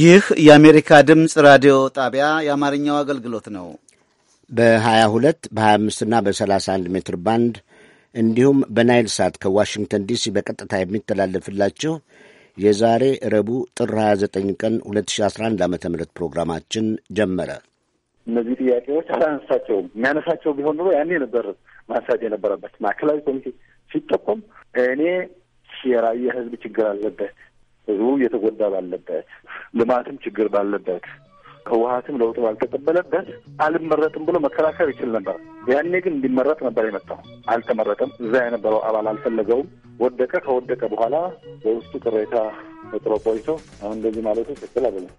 ይህ የአሜሪካ ድምፅ ራዲዮ ጣቢያ የአማርኛው አገልግሎት ነው። በ22 በ25ና በ31 ሜትር ባንድ እንዲሁም በናይል ሳት ከዋሽንግተን ዲሲ በቀጥታ የሚተላለፍላችሁ የዛሬ ረቡዕ ጥር 29 ቀን 2011 ዓ ም ፕሮግራማችን ጀመረ። እነዚህ ጥያቄዎች አላነሳቸውም። የሚያነሳቸው ቢሆን ኑሮ ያኔ ነበር ማንሳት የነበረበት። ማዕከላዊ ኮሚቴ ሲጠቆም እኔ የራየ የህዝብ ችግር አለበት ህዝቡ እየተጎዳ ባለበት፣ ልማትም ችግር ባለበት፣ ህወሀትም ለውጥ ባልተቀበለበት አልመረጥም ብሎ መከራከር ይችል ነበር። ያኔ ግን እንዲመረጥ ነበር የመጣው። አልተመረጠም። እዛ የነበረው አባል አልፈለገውም። ወደቀ። ከወደቀ በኋላ በውስጡ ቅሬታ ጥሮ ቆይቶ አሁን እንደዚህ ማለቱ ትክክል አይደለም።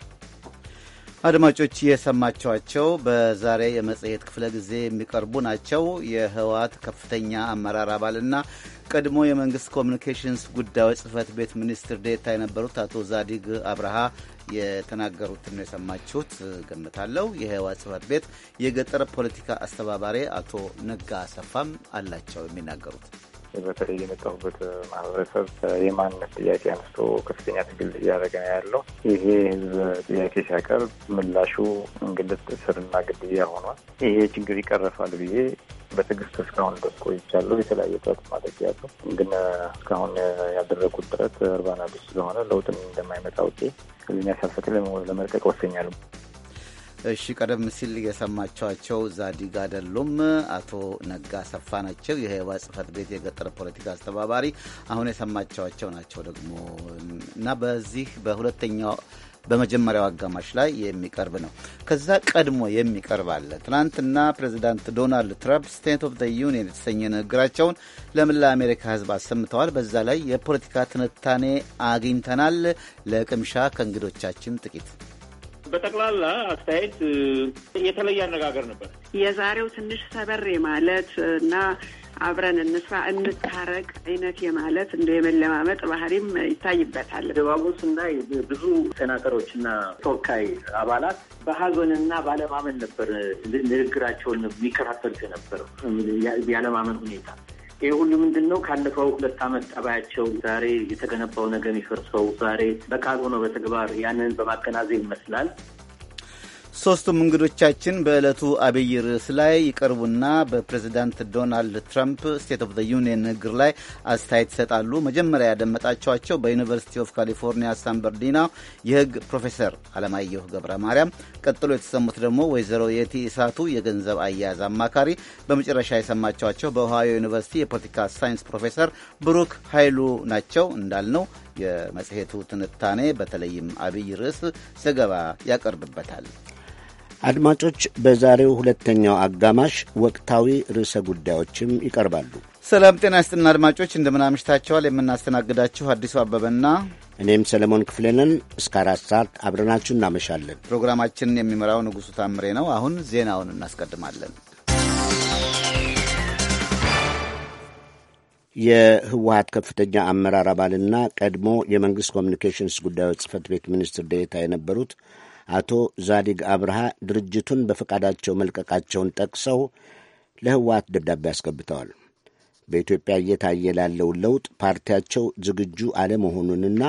አድማጮች የሰማችኋቸው በዛሬ የመጽሔት ክፍለ ጊዜ የሚቀርቡ ናቸው። የህወሓት ከፍተኛ አመራር አባልና ቀድሞ የመንግስት ኮሚኒኬሽንስ ጉዳዮች ጽህፈት ቤት ሚኒስትር ዴታ የነበሩት አቶ ዛዲግ አብርሃ የተናገሩትን ነው የሰማችሁት። ገምታለሁ። የህወሓት ጽህፈት ቤት የገጠር ፖለቲካ አስተባባሪ አቶ ነጋ አሰፋም አላቸው የሚናገሩት በተለይ የመጣሁበት ማህበረሰብ የማንነት ጥያቄ አንስቶ ከፍተኛ ትግል እያደረገ ነው ያለው። ይሄ ህዝብ ጥያቄ ሲያቀርብ ምላሹ እንግልት፣ እስርና ግድያ ሆኗል። ይሄ ችግር ይቀረፋል ብዬ በትዕግስት እስካሁን ደስ ቆይቻለሁ። የተለያየ ጥረት ማድረግ ያለው ግን እስካሁን ያደረጉት ጥረት እርባና ቢስ ስለሆነ ለውጥም እንደማይመጣ ውጤ ከዚህኛ ሳልፈቅድ ለመልቀቅ ወሰኛለሁ። እሺ ቀደም ሲል የሰማችኋቸው ዛዲግ አይደሉም። አቶ ነጋ ሰፋ ናቸው፣ የህዋ ጽህፈት ቤት የገጠር ፖለቲካ አስተባባሪ። አሁን የሰማችኋቸው ናቸው ደግሞ እና በዚህ በሁለተኛው በመጀመሪያው አጋማሽ ላይ የሚቀርብ ነው። ከዛ ቀድሞ የሚቀርብ አለ። ትናንትና ፕሬዚዳንት ዶናልድ ትራምፕ ስቴት ኦፍ ዘ ዩኒየን የተሰኘ ንግግራቸውን ለምላ አሜሪካ ህዝብ አሰምተዋል። በዛ ላይ የፖለቲካ ትንታኔ አግኝተናል። ለቅምሻ ከእንግዶቻችን ጥቂት በጠቅላላ አስተያየት የተለየ አነጋገር ነበር። የዛሬው ትንሽ ሰበር ማለት እና አብረን እንስራ እንታረቅ አይነት የማለት እንደ የመለማመጥ ባህሪም ይታይበታል። ድባቡ ስናይ ብዙ ሴናተሮች እና ተወካይ አባላት እና ባለማመን ነበር ንግግራቸውን የሚከታተሉት የነበረው ያለማመን ሁኔታ ይህ ሁሉ ምንድን ነው? ካለፈው ሁለት አመት ጠባያቸው ዛሬ የተገነባው ነገ የሚፈርሰው ዛሬ በቃል ሆኖ በተግባር ያንን በማገናዘብ ይመስላል ሦስቱም እንግዶቻችን በዕለቱ አብይ ርዕስ ላይ ይቀርቡና በፕሬዚዳንት ዶናልድ ትራምፕ ስቴት ኦፍ ዘ ዩኒየን ንግግር ላይ አስተያየት ይሰጣሉ። መጀመሪያ ያደመጣቸዋቸው በዩኒቨርሲቲ ኦፍ ካሊፎርኒያ ሳን በርዲና የሕግ ፕሮፌሰር አለማየሁ ገብረ ማርያም፣ ቀጥሎ የተሰሙት ደግሞ ወይዘሮ የቲ እሳቱ የገንዘብ አያያዝ አማካሪ፣ በመጨረሻ የሰማችኋቸው በኦሃዮ ዩኒቨርሲቲ የፖለቲካ ሳይንስ ፕሮፌሰር ብሩክ ኃይሉ ናቸው። እንዳልነው የመጽሔቱ ትንታኔ በተለይም አብይ ርዕስ ዘገባ ያቀርብበታል። አድማጮች፣ በዛሬው ሁለተኛው አጋማሽ ወቅታዊ ርዕሰ ጉዳዮችም ይቀርባሉ። ሰላም ጤና ይስጥና አድማጮች፣ እንደምናምሽታቸዋል። የምናስተናግዳችሁ አዲሱ አበበና እኔም ሰለሞን ክፍሌንን እስከ አራት ሰዓት አብረናችሁ እናመሻለን። ፕሮግራማችንን የሚመራው ንጉሡ ታምሬ ነው። አሁን ዜናውን እናስቀድማለን። የህወሀት ከፍተኛ አመራር አባልና ቀድሞ የመንግሥት ኮሚኒኬሽንስ ጉዳዮች ጽህፈት ቤት ሚኒስትር ዴኤታ የነበሩት አቶ ዛዲግ አብርሃ ድርጅቱን በፈቃዳቸው መልቀቃቸውን ጠቅሰው ለህወሓት ደብዳቤ አስገብተዋል። በኢትዮጵያ እየታየ ላለው ለውጥ ፓርቲያቸው ዝግጁ አለመሆኑንና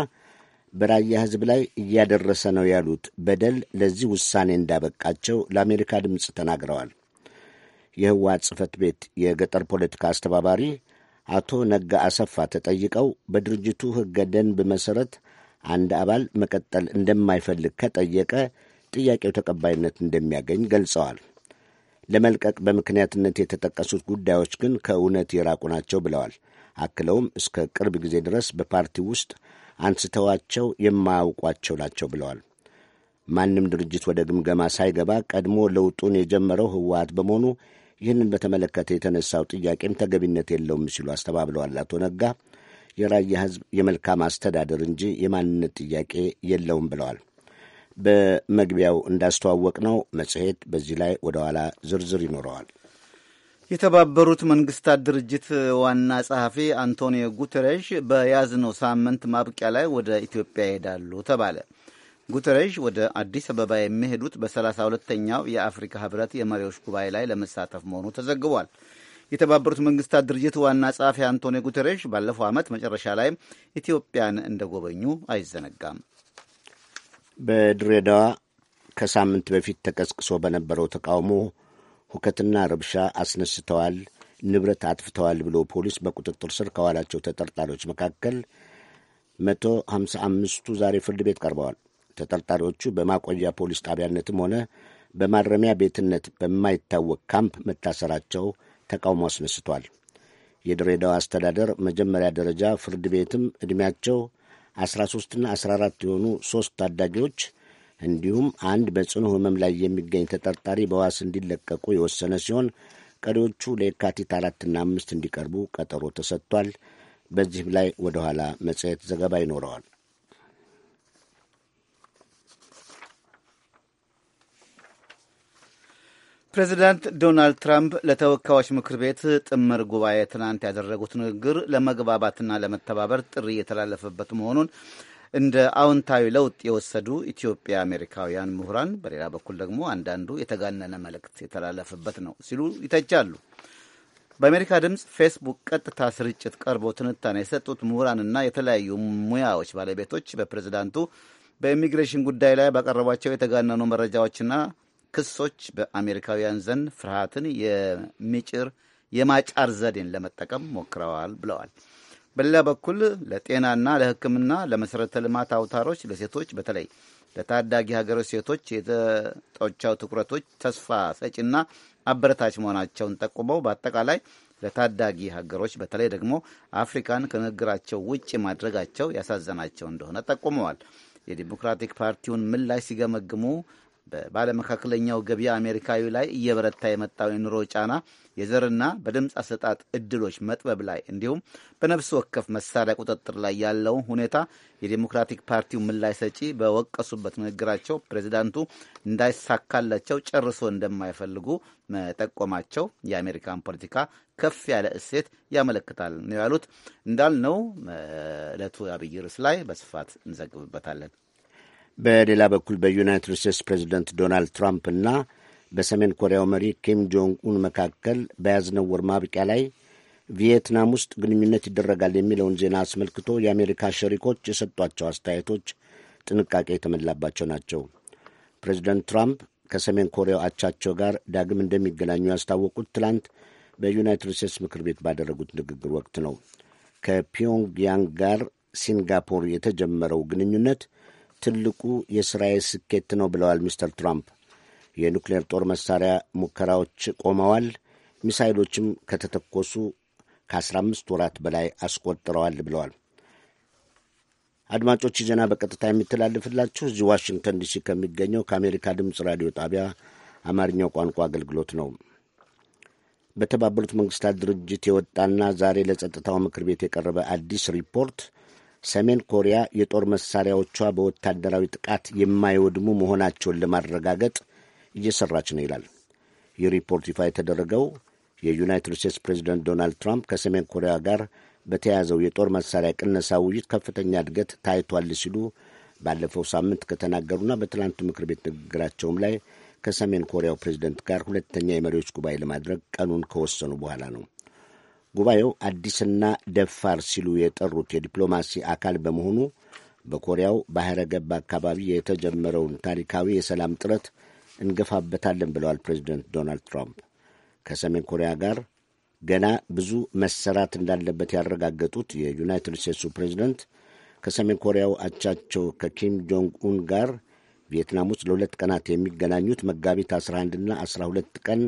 በራያ ህዝብ ላይ እያደረሰ ነው ያሉት በደል ለዚህ ውሳኔ እንዳበቃቸው ለአሜሪካ ድምፅ ተናግረዋል። የህወሓት ጽህፈት ቤት የገጠር ፖለቲካ አስተባባሪ አቶ ነጋ አሰፋ ተጠይቀው በድርጅቱ ህገ ደንብ መሠረት አንድ አባል መቀጠል እንደማይፈልግ ከጠየቀ ጥያቄው ተቀባይነት እንደሚያገኝ ገልጸዋል። ለመልቀቅ በምክንያትነት የተጠቀሱት ጉዳዮች ግን ከእውነት የራቁ ናቸው ብለዋል። አክለውም እስከ ቅርብ ጊዜ ድረስ በፓርቲ ውስጥ አንስተዋቸው የማያውቋቸው ናቸው ብለዋል። ማንም ድርጅት ወደ ግምገማ ሳይገባ ቀድሞ ለውጡን የጀመረው ህወሀት በመሆኑ ይህንን በተመለከተ የተነሳው ጥያቄም ተገቢነት የለውም ሲሉ አስተባብለዋል። አቶ ነጋ የራያ ህዝብ የመልካም አስተዳደር እንጂ የማንነት ጥያቄ የለውም ብለዋል። በመግቢያው እንዳስተዋወቅ ነው መጽሔት በዚህ ላይ ወደ ኋላ ዝርዝር ይኖረዋል። የተባበሩት መንግስታት ድርጅት ዋና ጸሐፊ አንቶኒዮ ጉተረሽ በያዝነው ሳምንት ማብቂያ ላይ ወደ ኢትዮጵያ ይሄዳሉ ተባለ። ጉተረሽ ወደ አዲስ አበባ የሚሄዱት በሰላሳ ሁለተኛው የአፍሪካ ህብረት የመሪዎች ጉባኤ ላይ ለመሳተፍ መሆኑ ተዘግቧል። የተባበሩት መንግስታት ድርጅት ዋና ጸሐፊ አንቶኒ ጉተሬሽ ባለፈው ዓመት መጨረሻ ላይ ኢትዮጵያን እንደጎበኙ አይዘነጋም። በድሬዳዋ ከሳምንት በፊት ተቀስቅሶ በነበረው ተቃውሞ ሁከትና ረብሻ አስነስተዋል፣ ንብረት አጥፍተዋል ብሎ ፖሊስ በቁጥጥር ስር ከዋላቸው ተጠርጣሪዎች መካከል መቶ ሀምሳ አምስቱ ዛሬ ፍርድ ቤት ቀርበዋል። ተጠርጣሪዎቹ በማቆያ ፖሊስ ጣቢያነትም ሆነ በማረሚያ ቤትነት በማይታወቅ ካምፕ መታሰራቸው ተቃውሞ አስነስቷል። የድሬዳዋ አስተዳደር መጀመሪያ ደረጃ ፍርድ ቤትም ዕድሜያቸው 13ና 14 የሆኑ ሦስት ታዳጊዎች እንዲሁም አንድ በጽኑ ሕመም ላይ የሚገኝ ተጠርጣሪ በዋስ እንዲለቀቁ የወሰነ ሲሆን ቀሪዎቹ ለየካቲት አራትና አምስት እንዲቀርቡ ቀጠሮ ተሰጥቷል። በዚህም ላይ ወደ ኋላ መጽሔት ዘገባ ይኖረዋል። ፕሬዚዳንት ዶናልድ ትራምፕ ለተወካዮች ምክር ቤት ጥምር ጉባኤ ትናንት ያደረጉት ንግግር ለመግባባትና ለመተባበር ጥሪ የተላለፈበት መሆኑን እንደ አዎንታዊ ለውጥ የወሰዱ ኢትዮጵያ አሜሪካውያን ምሁራን፣ በሌላ በኩል ደግሞ አንዳንዱ የተጋነነ መልእክት የተላለፈበት ነው ሲሉ ይተቻሉ። በአሜሪካ ድምፅ ፌስቡክ ቀጥታ ስርጭት ቀርቦ ትንታኔ የሰጡት ምሁራንና የተለያዩ ሙያዎች ባለቤቶች በፕሬዚዳንቱ በኢሚግሬሽን ጉዳይ ላይ ባቀረቧቸው የተጋነኑ መረጃዎችና ክሶች በአሜሪካውያን ዘንድ ፍርሃትን የሚጭር የማጫር ዘዴን ለመጠቀም ሞክረዋል ብለዋል። በሌላ በኩል ለጤናና ለሕክምና ለመሠረተ ልማት አውታሮች ለሴቶች በተለይ ለታዳጊ ሀገሮች ሴቶች የተጦቻው ትኩረቶች ተስፋ ሰጪና አበረታች መሆናቸውን ጠቁመው በአጠቃላይ ለታዳጊ ሀገሮች በተለይ ደግሞ አፍሪካን ከንግግራቸው ውጭ ማድረጋቸው ያሳዘናቸው እንደሆነ ጠቁመዋል። የዲሞክራቲክ ፓርቲውን ምላሽ ሲገመግሙ በባለመካከለኛው ገበያ አሜሪካዊ ላይ እየበረታ የመጣው የኑሮ ጫና የዘርና በድምፅ አሰጣጥ እድሎች መጥበብ ላይ እንዲሁም በነፍስ ወከፍ መሳሪያ ቁጥጥር ላይ ያለውን ሁኔታ የዴሞክራቲክ ፓርቲው ምላሽ ሰጪ በወቀሱበት ንግግራቸው ፕሬዚዳንቱ እንዳይሳካላቸው ጨርሶ እንደማይፈልጉ መጠቆማቸው የአሜሪካን ፖለቲካ ከፍ ያለ እሴት ያመለክታል ነው ያሉት። እንዳልነው እለቱ አብይ ርዕስ ላይ በስፋት እንዘግብበታለን። በሌላ በኩል በዩናይትድ ስቴትስ ፕሬዚደንት ዶናልድ ትራምፕ እና በሰሜን ኮሪያው መሪ ኪም ጆንግ ኡን መካከል በያዝነው ወር ማብቂያ ላይ ቪየትናም ውስጥ ግንኙነት ይደረጋል የሚለውን ዜና አስመልክቶ የአሜሪካ ሸሪኮች የሰጧቸው አስተያየቶች ጥንቃቄ የተሞላባቸው ናቸው። ፕሬዚደንት ትራምፕ ከሰሜን ኮሪያው አቻቸው ጋር ዳግም እንደሚገናኙ ያስታወቁት ትላንት በዩናይትድ ስቴትስ ምክር ቤት ባደረጉት ንግግር ወቅት ነው። ከፒዮንግያንግ ጋር ሲንጋፖር የተጀመረው ግንኙነት ትልቁ የእስራኤል ስኬት ነው ብለዋል ሚስተር ትራምፕ። የኑክሌር ጦር መሳሪያ ሙከራዎች ቆመዋል። ሚሳይሎችም ከተተኮሱ ከ15 ወራት በላይ አስቆጥረዋል ብለዋል። አድማጮች ዜና በቀጥታ የሚተላልፍላችሁ እዚህ ዋሽንግተን ዲሲ ከሚገኘው ከአሜሪካ ድምፅ ራዲዮ ጣቢያ አማርኛው ቋንቋ አገልግሎት ነው። በተባበሩት መንግስታት ድርጅት የወጣና ዛሬ ለጸጥታው ምክር ቤት የቀረበ አዲስ ሪፖርት ሰሜን ኮሪያ የጦር መሳሪያዎቿ በወታደራዊ ጥቃት የማይወድሙ መሆናቸውን ለማረጋገጥ እየሰራች ነው ይላል። ይህ ሪፖርት ይፋ የተደረገው የዩናይትድ ስቴትስ ፕሬዚደንት ዶናልድ ትራምፕ ከሰሜን ኮሪያ ጋር በተያያዘው የጦር መሳሪያ ቅነሳ ውይይት ከፍተኛ እድገት ታይቷል ሲሉ ባለፈው ሳምንት ከተናገሩና በትላንቱ ምክር ቤት ንግግራቸውም ላይ ከሰሜን ኮሪያው ፕሬዚደንት ጋር ሁለተኛ የመሪዎች ጉባኤ ለማድረግ ቀኑን ከወሰኑ በኋላ ነው። ጉባኤው አዲስና ደፋር ሲሉ የጠሩት የዲፕሎማሲ አካል በመሆኑ በኮሪያው ባሕረ ገብ አካባቢ የተጀመረውን ታሪካዊ የሰላም ጥረት እንገፋበታለን ብለዋል ፕሬዚደንት ዶናልድ ትራምፕ። ከሰሜን ኮሪያ ጋር ገና ብዙ መሰራት እንዳለበት ያረጋገጡት የዩናይትድ ስቴትሱ ፕሬዚደንት ከሰሜን ኮሪያው አቻቸው ከኪም ጆንግ ኡን ጋር ቪየትናም ውስጥ ለሁለት ቀናት የሚገናኙት መጋቢት 11ና 12 ቀን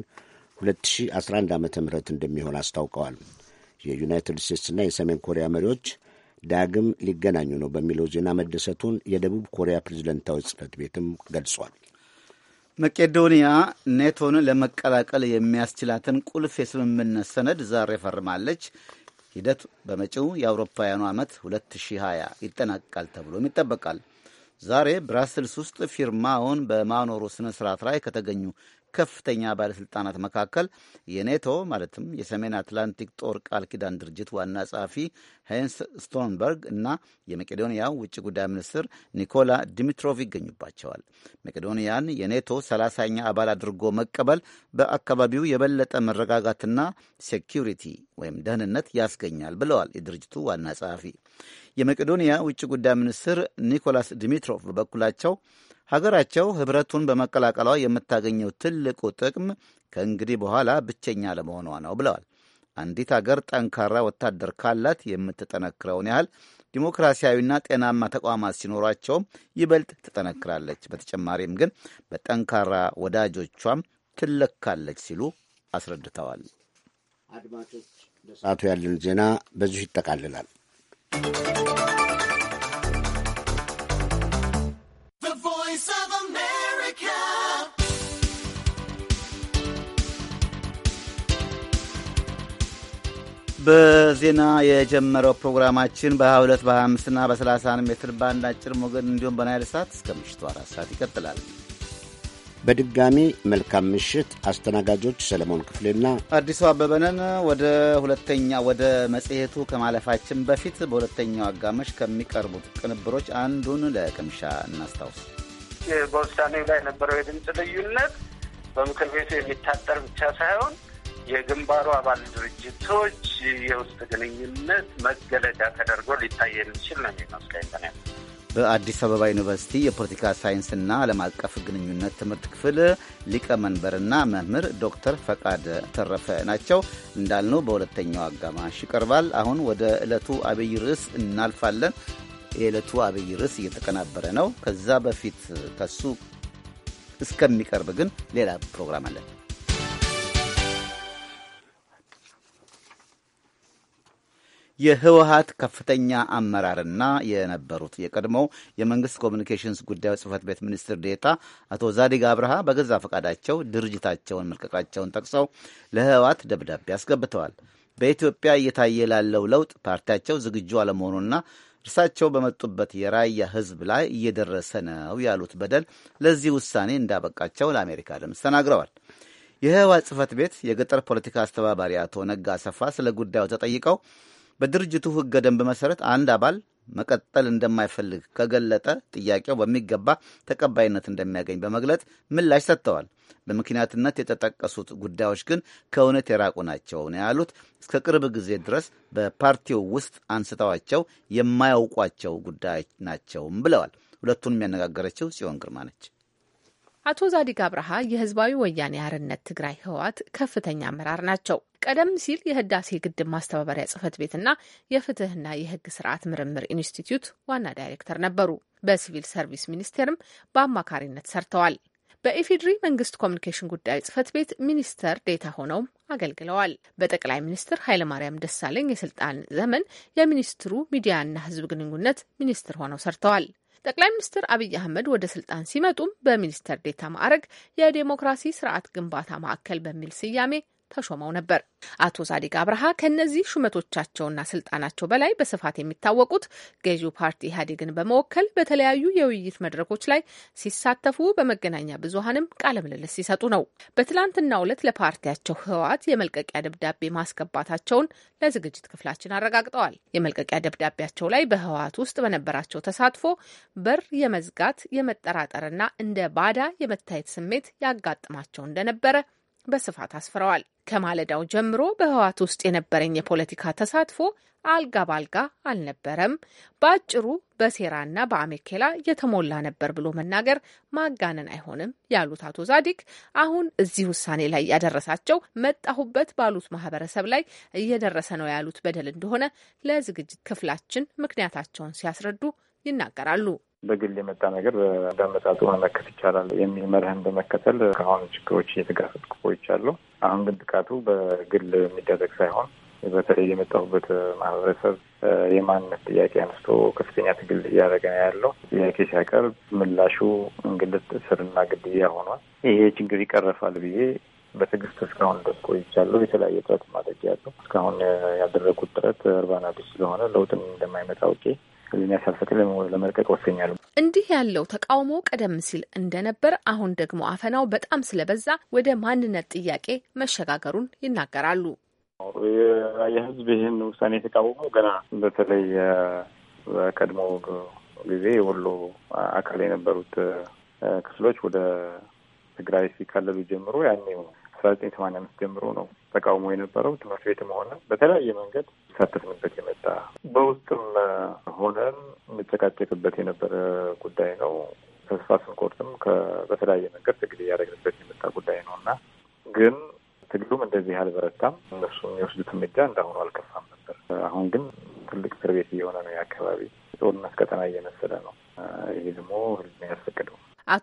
2011 ዓ ም እንደሚሆን አስታውቀዋል። የዩናይትድ ስቴትስና የሰሜን ኮሪያ መሪዎች ዳግም ሊገናኙ ነው በሚለው ዜና መደሰቱን የደቡብ ኮሪያ ፕሬዝደንታዊ ጽህፈት ቤትም ገልጿል። መቄዶንያ ኔቶን ለመቀላቀል የሚያስችላትን ቁልፍ የስምምነት ሰነድ ዛሬ ፈርማለች። ሂደቱ በመጪው የአውሮፓውያኑ ዓመት 2020 ይጠናቀቃል ተብሎም ይጠበቃል። ዛሬ ብራስልስ ውስጥ ፊርማውን በማኖሩ ስነ ስርዓት ላይ ከተገኙ ከፍተኛ ባለሥልጣናት መካከል የኔቶ ማለትም የሰሜን አትላንቲክ ጦር ቃል ኪዳን ድርጅት ዋና ጸሐፊ ሄንስ ስቶንበርግ እና የመቄዶንያ ውጭ ጉዳይ ሚኒስትር ኒኮላ ዲሚትሮቭ ይገኙባቸዋል። መቄዶንያን የኔቶ ሰላሳኛ አባል አድርጎ መቀበል በአካባቢው የበለጠ መረጋጋትና ሴኪሪቲ ወይም ደህንነት ያስገኛል ብለዋል የድርጅቱ ዋና ጸሐፊ። የመቄዶንያ ውጭ ጉዳይ ሚኒስትር ኒኮላስ ዲሚትሮቭ በበኩላቸው ሀገራቸው ህብረቱን በመቀላቀሏ የምታገኘው ትልቁ ጥቅም ከእንግዲህ በኋላ ብቸኛ ለመሆኗ ነው ብለዋል። አንዲት አገር ጠንካራ ወታደር ካላት የምትጠነክረውን ያህል ዲሞክራሲያዊና ጤናማ ተቋማት ሲኖሯቸውም ይበልጥ ትጠነክራለች። በተጨማሪም ግን በጠንካራ ወዳጆቿም ትለካለች ሲሉ አስረድተዋል። አድማጮች፣ ለሰዓቱ ያለን ዜና በዚሁ ይጠቃልላል። በዜና የጀመረው ፕሮግራማችን በ22 በ25 እና በ 30 ሜትር ባንድ አጭር ሞገድ እንዲሁም በናይል ሰዓት እስከ ምሽቱ አራት ሰዓት ይቀጥላል። በድጋሚ መልካም ምሽት። አስተናጋጆች ሰለሞን ክፍሌና አዲሱ አበበነን። ወደ ሁለተኛ ወደ መጽሔቱ ከማለፋችን በፊት በሁለተኛው አጋማሽ ከሚቀርቡት ቅንብሮች አንዱን ለቅምሻ እናስታውስ። በውሳኔ ላይ የነበረው የድምፅ ልዩነት በምክር ቤቱ የሚታጠር ብቻ ሳይሆን የግንባሩ አባል ድርጅቶች የውስጥ ግንኙነት መገለጫ ተደርጎ ሊታይ የሚችል ነው የሚመስለኝ። በአዲስ አበባ ዩኒቨርሲቲ የፖለቲካ ሳይንስና ዓለም አቀፍ ግንኙነት ትምህርት ክፍል ሊቀመንበርና መምህር ዶክተር ፈቃደ ተረፈ ናቸው። እንዳልነው በሁለተኛው አጋማሽ ይቀርባል። አሁን ወደ ዕለቱ አብይ ርዕስ እናልፋለን። የዕለቱ አብይ ርዕስ እየተቀናበረ ነው። ከዛ በፊት ከሱ እስከሚቀርብ ግን ሌላ ፕሮግራም አለን። የህወሀት ከፍተኛ አመራርና የነበሩት የቀድሞው የመንግስት ኮሚኒኬሽንስ ጉዳዮች ጽህፈት ቤት ሚኒስትር ዴታ አቶ ዛዲግ አብርሃ በገዛ ፈቃዳቸው ድርጅታቸውን መልቀቃቸውን ጠቅሰው ለህወሀት ደብዳቤ አስገብተዋል። በኢትዮጵያ እየታየ ላለው ለውጥ ፓርቲያቸው ዝግጁ አለመሆኑና እርሳቸው በመጡበት የራያ ህዝብ ላይ እየደረሰ ነው ያሉት በደል ለዚህ ውሳኔ እንዳበቃቸው ለአሜሪካ ድምፅ ተናግረዋል። የህወሓት ጽህፈት ቤት የገጠር ፖለቲካ አስተባባሪ አቶ ነጋ አሰፋ ስለ ጉዳዩ ተጠይቀው በድርጅቱ ህገ ደንብ መሰረት አንድ አባል መቀጠል እንደማይፈልግ ከገለጠ ጥያቄው በሚገባ ተቀባይነት እንደሚያገኝ በመግለጥ ምላሽ ሰጥተዋል። በምክንያትነት የተጠቀሱት ጉዳዮች ግን ከእውነት የራቁ ናቸው ነው ያሉት። እስከ ቅርብ ጊዜ ድረስ በፓርቲው ውስጥ አንስተዋቸው የማያውቋቸው ጉዳዮች ናቸውም ብለዋል። ሁለቱን የሚያነጋገረችው ጽዮን ግርማ ነች። አቶ ዛዲግ አብርሃ የህዝባዊ ወያኔ አርነት ትግራይ ህወሓት ከፍተኛ አመራር ናቸው። ቀደም ሲል የህዳሴ ግድብ ማስተባበሪያ ጽህፈት ቤትና የፍትህና የህግ ስርዓት ምርምር ኢንስቲትዩት ዋና ዳይሬክተር ነበሩ። በሲቪል ሰርቪስ ሚኒስቴርም በአማካሪነት ሰርተዋል። በኢፌዴሪ መንግስት ኮሚኒኬሽን ጉዳይ ጽህፈት ቤት ሚኒስተር ዴታ ሆነውም አገልግለዋል። በጠቅላይ ሚኒስትር ኃይለማርያም ደሳለኝ የስልጣን ዘመን የሚኒስትሩ ሚዲያና ህዝብ ግንኙነት ሚኒስትር ሆነው ሰርተዋል። ጠቅላይ ሚኒስትር አብይ አህመድ ወደ ስልጣን ሲመጡም በሚኒስተር ዴታ ማዕረግ የዴሞክራሲ ስርዓት ግንባታ ማዕከል በሚል ስያሜ ተሾመው ነበር። አቶ ሳዲቅ አብርሃ ከእነዚህ ሹመቶቻቸውና ስልጣናቸው በላይ በስፋት የሚታወቁት ገዢው ፓርቲ ኢህአዴግን በመወከል በተለያዩ የውይይት መድረኮች ላይ ሲሳተፉ በመገናኛ ብዙሀንም ቃለ ምልልስ ሲሰጡ ነው። በትላንትናው ዕለት ለፓርቲያቸው ህወሓት የመልቀቂያ ደብዳቤ ማስገባታቸውን ለዝግጅት ክፍላችን አረጋግጠዋል። የመልቀቂያ ደብዳቤያቸው ላይ በህወሓት ውስጥ በነበራቸው ተሳትፎ በር የመዝጋት የመጠራጠርና እንደ ባዳ የመታየት ስሜት ያጋጥማቸው እንደነበረ በስፋት አስፍረዋል። ከማለዳው ጀምሮ በህወሓት ውስጥ የነበረኝ የፖለቲካ ተሳትፎ አልጋ ባልጋ አልነበረም፣ በአጭሩ በሴራና በአሜኬላ የተሞላ ነበር ብሎ መናገር ማጋነን አይሆንም ያሉት አቶ ዛዲግ አሁን እዚህ ውሳኔ ላይ ያደረሳቸው መጣሁበት ባሉት ማህበረሰብ ላይ እየደረሰ ነው ያሉት በደል እንደሆነ ለዝግጅት ክፍላችን ምክንያታቸውን ሲያስረዱ ይናገራሉ። በግል የመጣ ነገር እንዳመጣጡ መመከት ይቻላል የሚል መርህን በመከተል ከአሁኑ ችግሮች እየተጋፈጥኩ ቆይቻለሁ። አሁን ግን ጥቃቱ በግል የሚደረግ ሳይሆን በተለይ የመጣሁበት ማህበረሰብ የማንነት ጥያቄ አንስቶ ከፍተኛ ትግል እያደረገ ነው ያለው። ጥያቄ ሲያቀርብ ምላሹ እንግልት፣ እስርና ግድያ ሆኗል። ይሄ ችግር ይቀረፋል ብዬ በትዕግስት እስካሁን ደስ ቆይቻለሁ። የተለያየ ጥረት ማድረግ ያለው እስካሁን ያደረጉት ጥረት እርባና ቢስ ስለሆነ ለውጥ እንደማይመጣ አውቄ ህሊና ሳልፈቅድ ለመልቀቅ ወሰኛሉ። እንዲህ ያለው ተቃውሞ ቀደም ሲል እንደነበር፣ አሁን ደግሞ አፈናው በጣም ስለበዛ ወደ ማንነት ጥያቄ መሸጋገሩን ይናገራሉ። የህዝብ ይህን ውሳኔ የተቃወመው ገና በተለይ በቀድሞ ጊዜ የወሎ አካል የነበሩት ክፍሎች ወደ ትግራይ ሲካለሉ ጀምሮ ያኔ ነው አስራ ዘጠኝ ሰማንያ አምስት ጀምሮ ነው ተቃውሞ የነበረው። ትምህርት ቤትም ሆነ በተለያየ መንገድ ሳተፍንበት የመጣ በውስጥም ሆነን እንጨቃጨቅበት የነበረ ጉዳይ ነው። ተስፋ ስንቆርጥም በተለያየ መንገድ ትግል እያደረግንበት የመጣ ጉዳይ ነው እና ግን ትግሉም እንደዚህ አልበረታም። እነሱ የሚወስዱት እርምጃ እንዳሁኑ አልከፋም ነበር። አሁን ግን ትልቅ እስር ቤት እየሆነ ነው የአካባቢ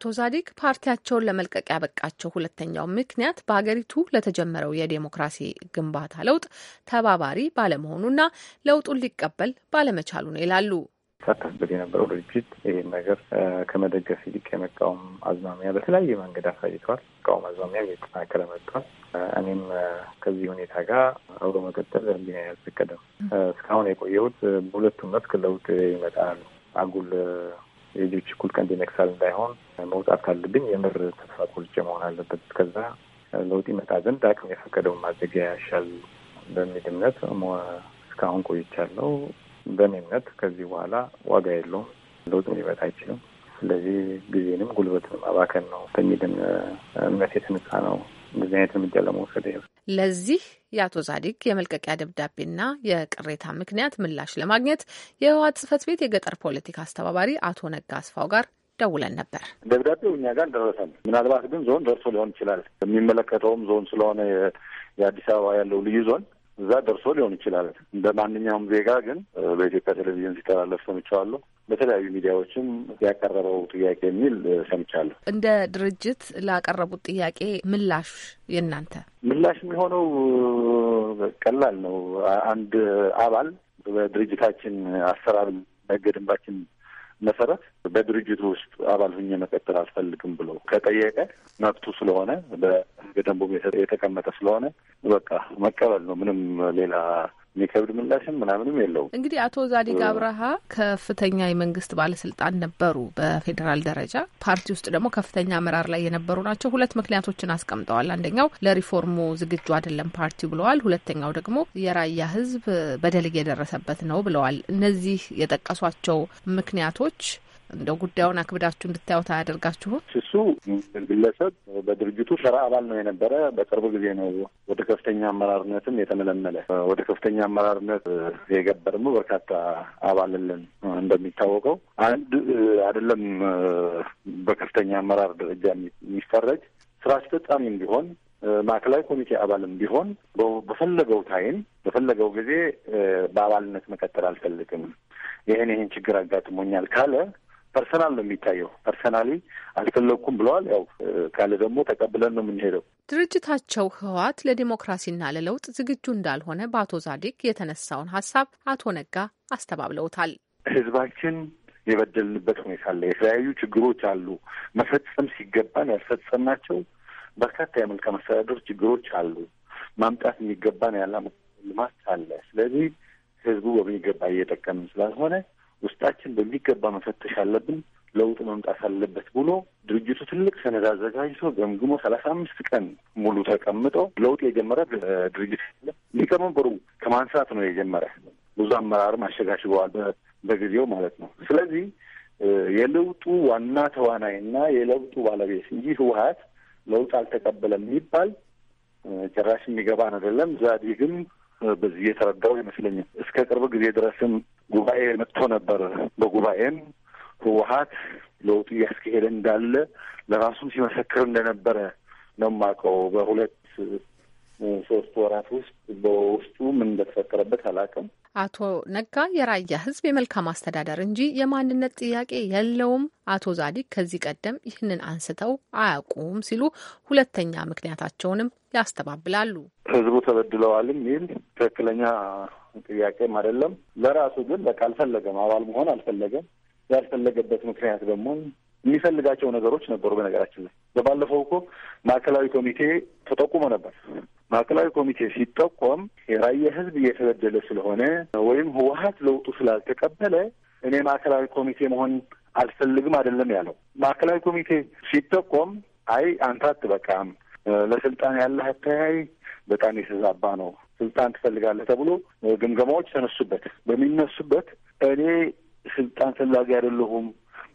አቶ ዛዲግ ፓርቲያቸውን ለመልቀቅ ያበቃቸው ሁለተኛው ምክንያት በሀገሪቱ ለተጀመረው የዴሞክራሲ ግንባታ ለውጥ ተባባሪ ባለመሆኑና ለውጡን ሊቀበል ባለመቻሉ ነው ይላሉ። ሳታስበት የነበረው ድርጅት ይህን ነገር ከመደገፍ ይልቅ የመቃወም አዝማሚያ በተለያየ መንገድ አሳይተዋል። መቃወም አዝማሚያ እየተጠናከረ መጥቷል። እኔም ከዚህ ሁኔታ ጋር አብሮ መቀጠል ህሊና ያልፈቀደም። እስካሁን የቆየሁት በሁለቱም መስክ ለውጥ ይመጣል፣ አጉል የእጆች እኩል ቀንድ ይነክሳል እንዳይሆን መውጣት ካለብኝ የምር ተስፋ ቆርጬ መሆን አለበት። ከዛ ለውጥ ይመጣ ዘንድ አቅም የፈቀደውን ማዘጊያ ያሻል በሚል እምነት እስካሁን ቆይቻለሁ። በእኔ እምነት ከዚህ በኋላ ዋጋ የለውም፣ ለውጥ ሊመጣ አይችልም። ስለዚህ ጊዜንም ጉልበትንም አባከን ነው በሚል እምነት የተነሳ ነው እንደዚህ አይነት እርምጃ ለመውሰድ ይል ለዚህ የአቶ ዛዲግ የመልቀቂያ ደብዳቤና የቅሬታ ምክንያት ምላሽ ለማግኘት የህወሓት ጽህፈት ቤት የገጠር ፖለቲካ አስተባባሪ አቶ ነጋ አስፋው ጋር ደውለን ነበር። ደብዳቤው እኛ ጋር ደረሰን። ምናልባት ግን ዞን ደርሶ ሊሆን ይችላል። የሚመለከተውም ዞን ስለሆነ የአዲስ አበባ ያለው ልዩ ዞን እዛ ደርሶ ሊሆን ይችላል። እንደ ማንኛውም ዜጋ ግን በኢትዮጵያ ቴሌቪዥን ሲተላለፍ ሰምቼዋለሁ። በተለያዩ ሚዲያዎችም ያቀረበው ጥያቄ የሚል ሰምቻለሁ። እንደ ድርጅት ላቀረቡት ጥያቄ ምላሽ የእናንተ ምላሽ የሚሆነው ቀላል ነው። አንድ አባል በድርጅታችን አሰራር ሕገ ደንባችን መሰረት በድርጅቱ ውስጥ አባል ሁኜ መቀጠል አልፈልግም ብሎ ከጠየቀ መብቱ ስለሆነ በህገ ደንቡ የተቀመጠ ስለሆነ በቃ መቀበል ነው። ምንም ሌላ የሚከብድ ምላሽም ምናምንም የለውም። እንግዲህ አቶ ዛዲግ አብርሃ ከፍተኛ የመንግስት ባለስልጣን ነበሩ በፌዴራል ደረጃ ፓርቲ ውስጥ ደግሞ ከፍተኛ አመራር ላይ የነበሩ ናቸው። ሁለት ምክንያቶችን አስቀምጠዋል። አንደኛው ለሪፎርሙ ዝግጁ አይደለም ፓርቲው ብለዋል። ሁለተኛው ደግሞ የራያ ህዝብ በደል እየደረሰበት ነው ብለዋል። እነዚህ የጠቀሷቸው ምክንያቶች እንደው ጉዳዩን አክብዳችሁ እንድታዩት አያደርጋችሁም? እሱ ግለሰብ በድርጅቱ ሸራ አባል ነው የነበረ። በቅርብ ጊዜ ነው ወደ ከፍተኛ አመራርነትም የተመለመለ። ወደ ከፍተኛ አመራርነት የገባ ደግሞ በርካታ አባል አለን። እንደሚታወቀው አንድ አይደለም በከፍተኛ አመራር ደረጃ የሚፈረጅ ስራ አስፈጻሚም ቢሆን ማዕከላዊ ኮሚቴ አባልም ቢሆን በፈለገው ታይም በፈለገው ጊዜ በአባልነት መቀጠል አልፈልግም፣ ይህን ይህን ችግር አጋጥሞኛል ካለ ፐርሰናል ነው የሚታየው። ፐርሰናሊ አልፈለኩም ብለዋል። ያው ካለ ደግሞ ተቀብለን ነው የምንሄደው። ድርጅታቸው ህወሓት ለዲሞክራሲና ለለውጥ ዝግጁ እንዳልሆነ በአቶ ዛዲግ የተነሳውን ሀሳብ አቶ ነጋ አስተባብለውታል። ህዝባችን የበደልንበት ሁኔታ አለ። የተለያዩ ችግሮች አሉ። መፈጸም ሲገባን ያልፈጸምናቸው በርካታ የመልካም አስተዳደር ችግሮች አሉ። ማምጣት የሚገባን ያለ ልማት አለ። ስለዚህ ህዝቡ በሚገባ እየጠቀምን ስላልሆነ ውስጣችን በሚገባ መፈተሽ አለብን፣ ለውጥ መምጣት አለበት ብሎ ድርጅቱ ትልቅ ሰነድ አዘጋጅቶ ገምግሞ ሰላሳ አምስት ቀን ሙሉ ተቀምጦ ለውጥ የጀመረ ድርጅት ሊቀመንበሩ ከማንሳት ነው የጀመረ። ብዙ አመራርም አሸጋሽበዋል በጊዜው ማለት ነው። ስለዚህ የለውጡ ዋና ተዋናይና የለውጡ ባለቤት እንጂ ህወሀት ለውጥ አልተቀበለም የሚባል ጭራሽ የሚገባን አይደለም። ዛዲግም በዚህ የተረዳው ይመስለኛል። እስከ ቅርብ ጊዜ ድረስም ጉባኤ መጥቶ ነበር። በጉባኤም ህወሀት ለውጡ እያስካሄደ እንዳለ ለራሱም ሲመሰክር እንደነበረ ነው የማውቀው። በሁለት ሶስት ወራት ውስጥ በውስጡ ምን እንደተፈጠረበት አላውቅም። አቶ ነጋ የራያ ህዝብ የመልካም አስተዳደር እንጂ የማንነት ጥያቄ የለውም፣ አቶ ዛዲግ ከዚህ ቀደም ይህንን አንስተው አያውቁም ሲሉ ሁለተኛ ምክንያታቸውንም ያስተባብላሉ። ህዝቡ ተበድለዋል የሚል ትክክለኛ ጥያቄም አይደለም። ለራሱ ግን በቃ አልፈለገም፣ አባል መሆን አልፈለገም። ያልፈለገበት ምክንያት ደግሞ የሚፈልጋቸው ነገሮች ነበሩ። በነገራችን ላይ በባለፈው እኮ ማዕከላዊ ኮሚቴ ተጠቁሞ ነበር። ማዕከላዊ ኮሚቴ ሲጠቆም የራያ ህዝብ እየተበደለ ስለሆነ ወይም ህወሀት ለውጡ ስላልተቀበለ እኔ ማዕከላዊ ኮሚቴ መሆን አልፈልግም አይደለም ያለው። ማዕከላዊ ኮሚቴ ሲጠቆም አይ አንተ አትበቃም፣ ለስልጣን ያለህ አተያይ በጣም የተዛባ ነው፣ ስልጣን ትፈልጋለህ ተብሎ ግምገማዎች ተነሱበት። በሚነሱበት እኔ ስልጣን ፈላጊ አይደለሁም፣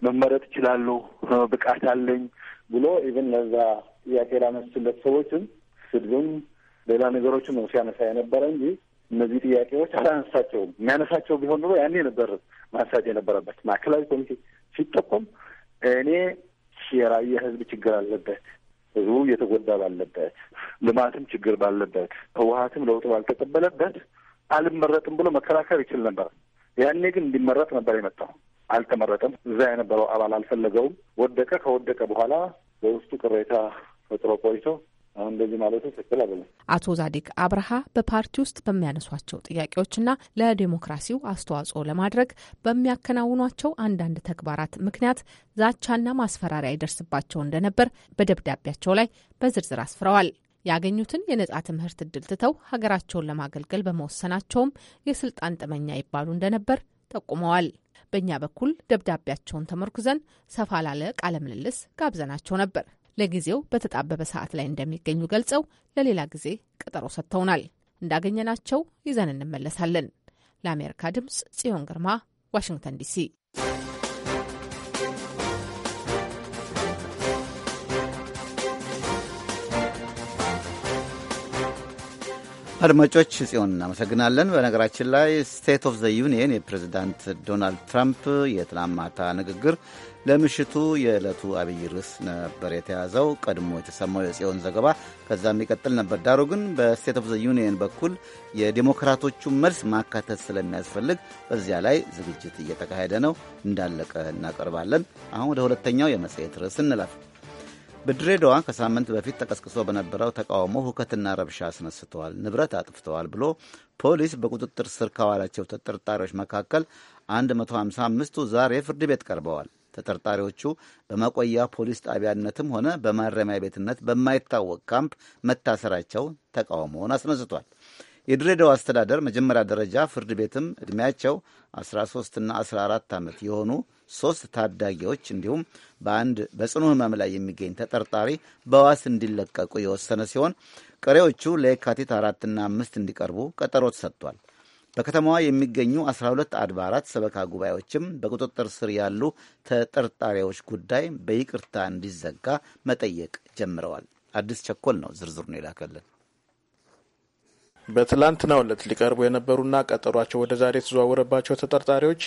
መመረጥ እችላለሁ፣ ብቃት አለኝ ብሎ ኢቨን ለዛ ጥያቄ ላነሱለት ሰዎችም ስድብም ሌላ ነገሮችን ነው ሲያነሳ የነበረ እንጂ እነዚህ ጥያቄዎች አላነሳቸውም። የሚያነሳቸው ቢሆን ኑሮ ያኔ ነበር ማንሳት የነበረበት። ማዕከላዊ ኮሚቴ ሲጠቆም እኔ የራየ ህዝብ ችግር አለበት ህዝቡ እየተጎዳ ባለበት ልማትም ችግር ባለበት ህወሀትም ለውጥ ባልተቀበለበት አልመረጥም ብሎ መከራከር ይችል ነበር። ያኔ ግን እንዲመረጥ ነበር የመጣው። አልተመረጠም። እዛ የነበረው አባል አልፈለገውም። ወደቀ። ከወደቀ በኋላ በውስጡ ቅሬታ ፈጥሮ ቆይቶ አሁን እንደዚህ ማለቱ ትክክል አይደለም። አቶ ዛዲግ አብርሃ በፓርቲ ውስጥ በሚያነሷቸው ጥያቄዎችና ለዴሞክራሲው አስተዋጽኦ ለማድረግ በሚያከናውኗቸው አንዳንድ ተግባራት ምክንያት ዛቻና ማስፈራሪያ ይደርስባቸው እንደነበር በደብዳቤያቸው ላይ በዝርዝር አስፍረዋል። ያገኙትን የነጻ ትምህርት እድል ትተው ሀገራቸውን ለማገልገል በመወሰናቸውም የስልጣን ጥመኛ ይባሉ እንደነበር ጠቁመዋል። በእኛ በኩል ደብዳቤያቸውን ተመርኩዘን ሰፋ ላለ ቃለ ምልልስ ጋብዘናቸው ነበር። ለጊዜው በተጣበበ ሰዓት ላይ እንደሚገኙ ገልጸው ለሌላ ጊዜ ቀጠሮ ሰጥተውናል። እንዳገኘናቸው ይዘን እንመለሳለን። ለአሜሪካ ድምፅ ጽዮን ግርማ ዋሽንግተን ዲሲ አድማጮች ጽዮን እናመሰግናለን። በነገራችን ላይ ስቴት ኦፍ ዘ ዩኒየን የፕሬዚዳንት ዶናልድ ትራምፕ የትናንት ማታ ንግግር ለምሽቱ የዕለቱ አብይ ርዕስ ነበር የተያዘው። ቀድሞ የተሰማው የጽዮን ዘገባ ከዛ የሚቀጥል ነበር። ዳሩ ግን በስቴት ኦፍ ዘ ዩኒየን በኩል የዲሞክራቶቹ መልስ ማካተት ስለሚያስፈልግ በዚያ ላይ ዝግጅት እየተካሄደ ነው። እንዳለቀ እናቀርባለን። አሁን ወደ ሁለተኛው የመጽሔት ርዕስ እንላፍ። በድሬዳዋ ከሳምንት በፊት ተቀስቅሶ በነበረው ተቃውሞ ሁከትና ረብሻ አስነስተዋል፣ ንብረት አጥፍተዋል ብሎ ፖሊስ በቁጥጥር ስር ካዋላቸው ተጠርጣሪዎች መካከል 155ቱ ዛሬ ፍርድ ቤት ቀርበዋል። ተጠርጣሪዎቹ በማቆያ ፖሊስ ጣቢያነትም ሆነ በማረሚያ ቤትነት በማይታወቅ ካምፕ መታሰራቸው ተቃውሞውን አስነስቷል። የድሬዳዋ አስተዳደር መጀመሪያ ደረጃ ፍርድ ቤትም ዕድሜያቸው 13ና 14 ዓመት የሆኑ ሶስት ታዳጊዎች እንዲሁም በአንድ በጽኑ ህመም ላይ የሚገኝ ተጠርጣሪ በዋስ እንዲለቀቁ የወሰነ ሲሆን ቀሪዎቹ ለየካቲት አራትና አምስት እንዲቀርቡ ቀጠሮ ተሰጥቷል። በከተማዋ የሚገኙ 12 አድባራት ሰበካ ጉባኤዎችም በቁጥጥር ስር ያሉ ተጠርጣሪዎች ጉዳይ በይቅርታ እንዲዘጋ መጠየቅ ጀምረዋል። አዲስ ቸኮል ነው ዝርዝሩን የላከልን። በትላንትናው ዕለት ሊቀርቡ የነበሩና ቀጠሯቸው ወደ ዛሬ የተዘዋወረባቸው ተጠርጣሪዎች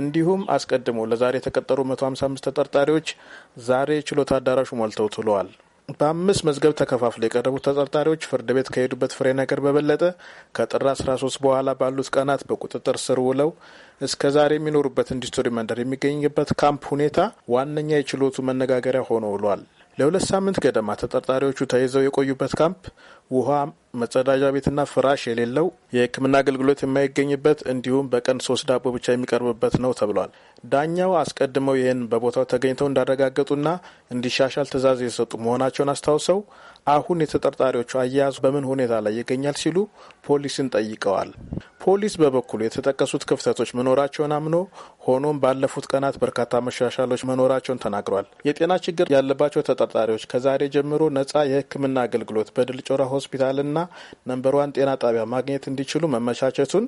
እንዲሁም አስቀድሞ ለዛሬ የተቀጠሩ 155 ተጠርጣሪዎች ዛሬ ችሎት አዳራሹ ሞልተው ትለዋል። በአምስት መዝገብ ተከፋፍለው የቀረቡት ተጠርጣሪዎች ፍርድ ቤት ከሄዱበት ፍሬ ነገር በበለጠ ከጥር 13 በኋላ ባሉት ቀናት በቁጥጥር ስር ውለው እስከ ዛሬ የሚኖሩበት ኢንዱስትሪ መንደር የሚገኝበት ካምፕ ሁኔታ ዋነኛ የችሎቱ መነጋገሪያ ሆኖ ውሏል። ለሁለት ሳምንት ገደማ ተጠርጣሪዎቹ ተይዘው የቆዩበት ካምፕ ውሃ፣ መጸዳጃ ቤትና ፍራሽ የሌለው የሕክምና አገልግሎት የማይገኝበት እንዲሁም በቀን ሶስት ዳቦ ብቻ የሚቀርብበት ነው ተብሏል። ዳኛው አስቀድመው ይህን በቦታው ተገኝተው እንዳረጋገጡና እንዲሻሻል ትዕዛዝ የሰጡ መሆናቸውን አስታውሰው አሁን የተጠርጣሪዎቹ አያያዝ በምን ሁኔታ ላይ ይገኛል ሲሉ ፖሊስን ጠይቀዋል። ፖሊስ በበኩሉ የተጠቀሱት ክፍተቶች መኖራቸውን አምኖ ሆኖም ባለፉት ቀናት በርካታ መሻሻሎች መኖራቸውን ተናግሯል። የጤና ችግር ያለባቸው ተጠርጣሪዎች ከዛሬ ጀምሮ ነጻ የህክምና አገልግሎት በድል ጮራ ሆስፒታልና ነንበር ዋን ጤና ጣቢያ ማግኘት እንዲችሉ መመቻቸቱን፣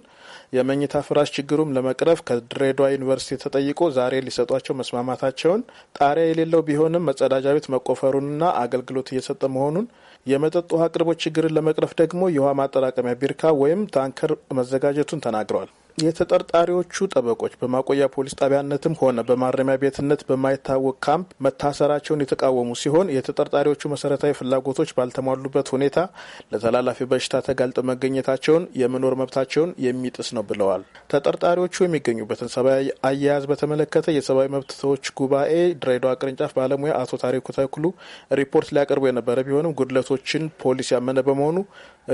የመኝታ ፍራሽ ችግሩም ለመቅረፍ ከድሬዳዋ ዩኒቨርሲቲ ተጠይቆ ዛሬ ሊሰጧቸው መስማማታቸውን፣ ጣሪያ የሌለው ቢሆንም መጸዳጃ ቤት መቆፈሩንና አገልግሎት እየሰጠ መሆኑን፣ የመጠጥ ውሃ አቅርቦት ችግርን ለመቅረፍ ደግሞ የውሃ ማጠራቀሚያ ቢርካ ወይም ታንከር መዘጋጀቱን ተናግረዋል። የተጠርጣሪዎቹ ጠበቆች በማቆያ ፖሊስ ጣቢያነትም ሆነ በማረሚያ ቤትነት በማይታወቅ ካምፕ መታሰራቸውን የተቃወሙ ሲሆን የተጠርጣሪዎቹ መሰረታዊ ፍላጎቶች ባልተሟሉበት ሁኔታ ለተላላፊ በሽታ ተጋልጠው መገኘታቸውን የመኖር መብታቸውን የሚጥስ ነው ብለዋል። ተጠርጣሪዎቹ የሚገኙበትን ሰብአዊ አያያዝ በተመለከተ የሰብአዊ መብቶች ጉባኤ ድሬዳዋ ቅርንጫፍ ባለሙያ አቶ ታሪኩ ተክሉ ሪፖርት ሊያቀርቡ የነበረ ቢሆንም ጉድለቶችን ፖሊስ ያመነ በመሆኑ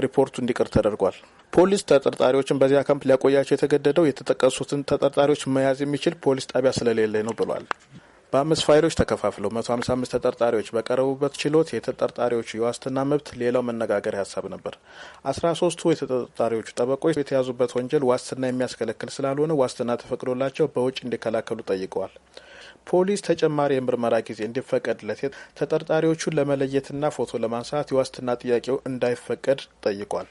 ሪፖርቱ እንዲቀር ተደርጓል። ፖሊስ ተጠርጣሪዎችን በዚያ ካምፕ ሊያቆያቸው የተገደደው የተጠቀሱትን ተጠርጣሪዎች መያዝ የሚችል ፖሊስ ጣቢያ ስለሌለ ነው ብሏል። በአምስት ፋይሎች ተከፋፍለው መቶ ሀምሳ አምስት ተጠርጣሪዎች በቀረቡበት ችሎት የተጠርጣሪዎቹ የዋስትና መብት ሌላው መነጋገሪያ ሀሳብ ነበር። አስራ ሶስቱ የተጠርጣሪዎቹ ጠበቆች የተያዙበት ወንጀል ዋስትና የሚያስከለክል ስላልሆነ ዋስትና ተፈቅዶላቸው በውጭ እንዲከላከሉ ጠይቀዋል። ፖሊስ ተጨማሪ የምርመራ ጊዜ እንዲፈቀድለት ተጠርጣሪዎቹን ለመለየትና ፎቶ ለማንሳት የዋስትና ጥያቄው እንዳይፈቀድ ጠይቋል።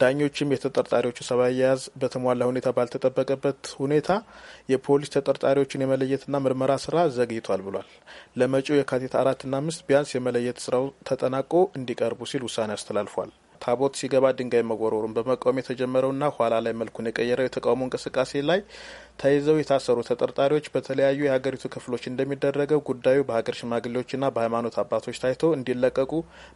ዳኞችም የተጠርጣሪዎቹ ሰባ አያያዝ በተሟላ ሁኔታ ባልተጠበቀበት ሁኔታ የፖሊስ ተጠርጣሪዎችን የመለየትና ምርመራ ስራ ዘግይቷል ብሏል። ለመጪው የካቲት አራትና አምስት ቢያንስ የመለየት ስራው ተጠናቆ እንዲቀርቡ ሲል ውሳኔ አስተላልፏል። ታቦት ሲገባ ድንጋይ መወረሩን በመቃወም የተጀመረውና ኋላ ላይ መልኩን የቀየረው የተቃውሞ እንቅስቃሴ ላይ ተይዘው የታሰሩ ተጠርጣሪዎች በተለያዩ የሀገሪቱ ክፍሎች እንደሚደረገው ጉዳዩ በሀገር ሽማግሌዎችና በሃይማኖት አባቶች ታይቶ እንዲለቀቁ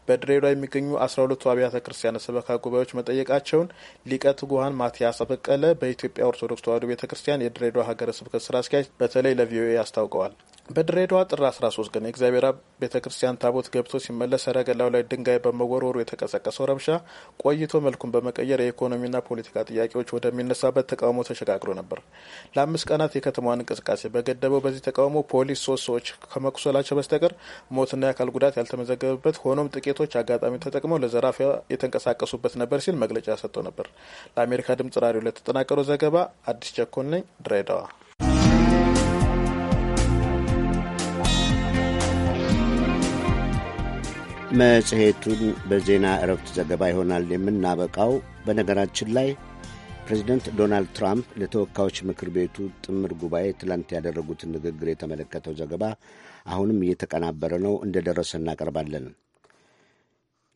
በድሬዳዋ የሚገኙ አስራ ሁለቱ አብያተ ክርስቲያን ሰበካ ጉባኤዎች መጠየቃቸውን ሊቀ ትጉሃን ማቲያስ በቀለ በኢትዮጵያ ኦርቶዶክስ ተዋሕዶ ቤተ ክርስቲያን የድሬዳዋ ሀገረ ስብከት ስራ አስኪያጅ በተለይ ለቪኦኤ አስታውቀዋል። በድሬዳዋ ጥር 13 ቀን የእግዚአብሔር አብ ቤተ ክርስቲያን ታቦት ገብቶ ሲመለስ ሰረገላው ላይ ድንጋይ በመወርወሩ የተቀሰቀሰው ረብሻ ቆይቶ መልኩን በመቀየር የኢኮኖሚና ፖለቲካ ጥያቄዎች ወደሚነሳበት ተቃውሞ ተሸጋግሮ ነበር። ለአምስት ቀናት የከተማዋን እንቅስቃሴ በገደበው በዚህ ተቃውሞ ፖሊስ ሶስት ሰዎች ከመቁሰላቸው በስተቀር ሞትና የአካል ጉዳት ያልተመዘገበበት፣ ሆኖም ጥቂቶች አጋጣሚ ተጠቅመው ለዘራፊያ የተንቀሳቀሱበት ነበር ሲል መግለጫ ሰጥቶ ነበር። ለአሜሪካ ድምጽ ራዲዮ ለተጠናቀረው ዘገባ አዲስ ቸኮን ነኝ ድሬዳዋ። መጽሔቱን በዜና እረፍት ዘገባ ይሆናል የምናበቃው። በነገራችን ላይ ፕሬዚደንት ዶናልድ ትራምፕ ለተወካዮች ምክር ቤቱ ጥምር ጉባኤ ትላንት ያደረጉትን ንግግር የተመለከተው ዘገባ አሁንም እየተቀናበረ ነው፣ እንደደረሰ እናቀርባለን።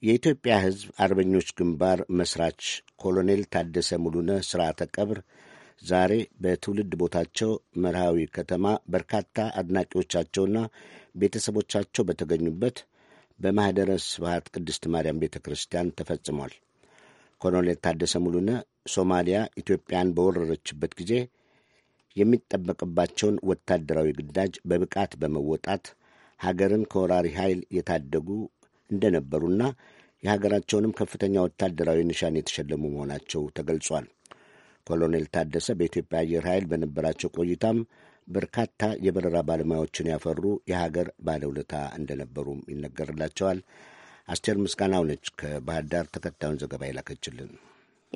የኢትዮጵያ ሕዝብ አርበኞች ግንባር መስራች ኮሎኔል ታደሰ ሙሉነህ ስርዓተ ቀብር ዛሬ በትውልድ ቦታቸው መርሃዊ ከተማ በርካታ አድናቂዎቻቸውና ቤተሰቦቻቸው በተገኙበት በማኅደረ ስብሐት ቅድስት ማርያም ቤተ ክርስቲያን ተፈጽሟል። ኮሎኔል ታደሰ ሙሉነህ ሶማሊያ ኢትዮጵያን በወረረችበት ጊዜ የሚጠበቅባቸውን ወታደራዊ ግዳጅ በብቃት በመወጣት ሀገርን ከወራሪ ኃይል የታደጉ እንደነበሩና የሀገራቸውንም ከፍተኛ ወታደራዊ ንሻን የተሸለሙ መሆናቸው ተገልጿል። ኮሎኔል ታደሰ በኢትዮጵያ አየር ኃይል በነበራቸው ቆይታም በርካታ የበረራ ባለሙያዎችን ያፈሩ የሀገር ባለውለታ እንደነበሩም ይነገርላቸዋል። አስቴር ምስጋናው ነች ከባህር ዳር ተከታዩን ዘገባ የላከችልን።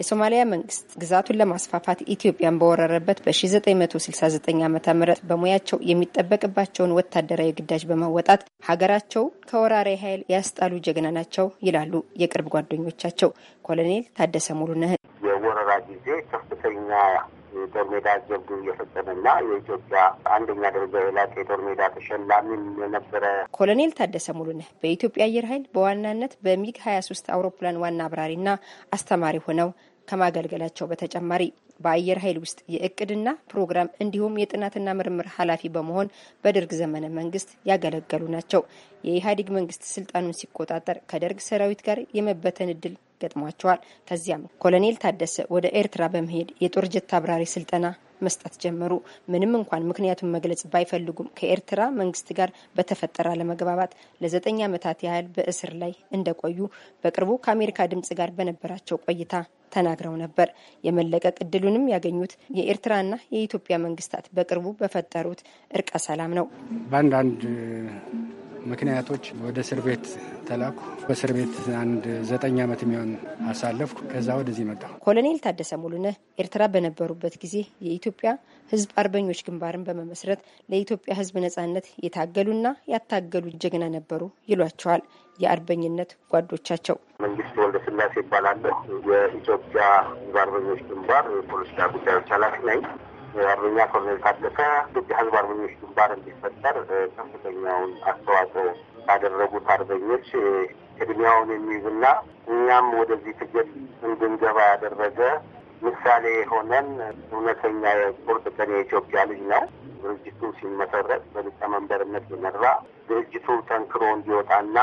የሶማሊያ መንግስት ግዛቱን ለማስፋፋት ኢትዮጵያን በወረረበት በ1969 ዓ ም በሙያቸው የሚጠበቅባቸውን ወታደራዊ ግዳጅ በማወጣት ሀገራቸው ከወራሪ ኃይል ያስጣሉ ጀግና ናቸው ይላሉ የቅርብ ጓደኞቻቸው ኮሎኔል ታደሰ ሙሉነህን የወረራ ጊዜ ከፍተኛ የጦር ሜዳ ጀብዱ እየፈጸመና የኢትዮጵያ አንደኛ ደረጃ የላቀ የጦር ሜዳ ተሸላሚም የነበረ ኮሎኔል ታደሰ ሙሉነህ በኢትዮጵያ አየር ኃይል በዋናነት በሚግ ሀያ ሶስት አውሮፕላን ዋና አብራሪና አስተማሪ ሆነው ከማገልገላቸው በተጨማሪ በአየር ኃይል ውስጥ የእቅድና ፕሮግራም እንዲሁም የጥናትና ምርምር ኃላፊ በመሆን በደርግ ዘመነ መንግስት ያገለገሉ ናቸው። የኢህአዴግ መንግስት ስልጣኑን ሲቆጣጠር ከደርግ ሰራዊት ጋር የመበተን እድል ገጥሟቸዋል። ከዚያም ኮሎኔል ታደሰ ወደ ኤርትራ በመሄድ የጦር ጀት አብራሪ ስልጠና መስጠት ጀመሩ። ምንም እንኳን ምክንያቱን መግለጽ ባይፈልጉም ከኤርትራ መንግስት ጋር በተፈጠረ አለመግባባት ለዘጠኝ ዓመታት ያህል በእስር ላይ እንደቆዩ በቅርቡ ከአሜሪካ ድምጽ ጋር በነበራቸው ቆይታ ተናግረው ነበር። የመለቀቅ እድሉንም ያገኙት የኤርትራና የኢትዮጵያ መንግስታት በቅርቡ በፈጠሩት እርቀ ሰላም ነው። በአንዳንድ ምክንያቶች ወደ እስር ቤት ተላኩ። በእስር ቤት አንድ ዘጠኝ ዓመት የሚሆን አሳለፍኩ። ከዛ ወደዚህ መጣ። ኮሎኔል ታደሰ ሙሉነህ ኤርትራ በነበሩበት ጊዜ የኢትዮጵያ ሕዝብ አርበኞች ግንባርን በመመስረት ለኢትዮጵያ ሕዝብ ነጻነት የታገሉና ያታገሉ ጀግና ነበሩ ይሏቸዋል የአርበኝነት ጓዶቻቸው። መንግስት ወልደስላሴ ይባላለሁ። የኢትዮጵያ ሕዝብ አርበኞች ግንባር የፖለቲካ ጉዳዮች ኃላፊ ነኝ። አርበኛ ኮሎኔል ታደሰ ኢትዮጵያ ህዝብ አርበኞች ግንባር እንዲፈጠር ከፍተኛውን አስተዋጽኦ ካደረጉት አርበኞች ቅድሚያውን የሚይዝና እኛም ወደዚህ ትግል እንድንገባ ያደረገ ምሳሌ የሆነን እውነተኛ የቁርጥ ቀን የኢትዮጵያ ልጅ ነው። ድርጅቱ ሲመሰረት በሊቀመንበርነት የመራ ድርጅቱ ጠንክሮ እንዲወጣና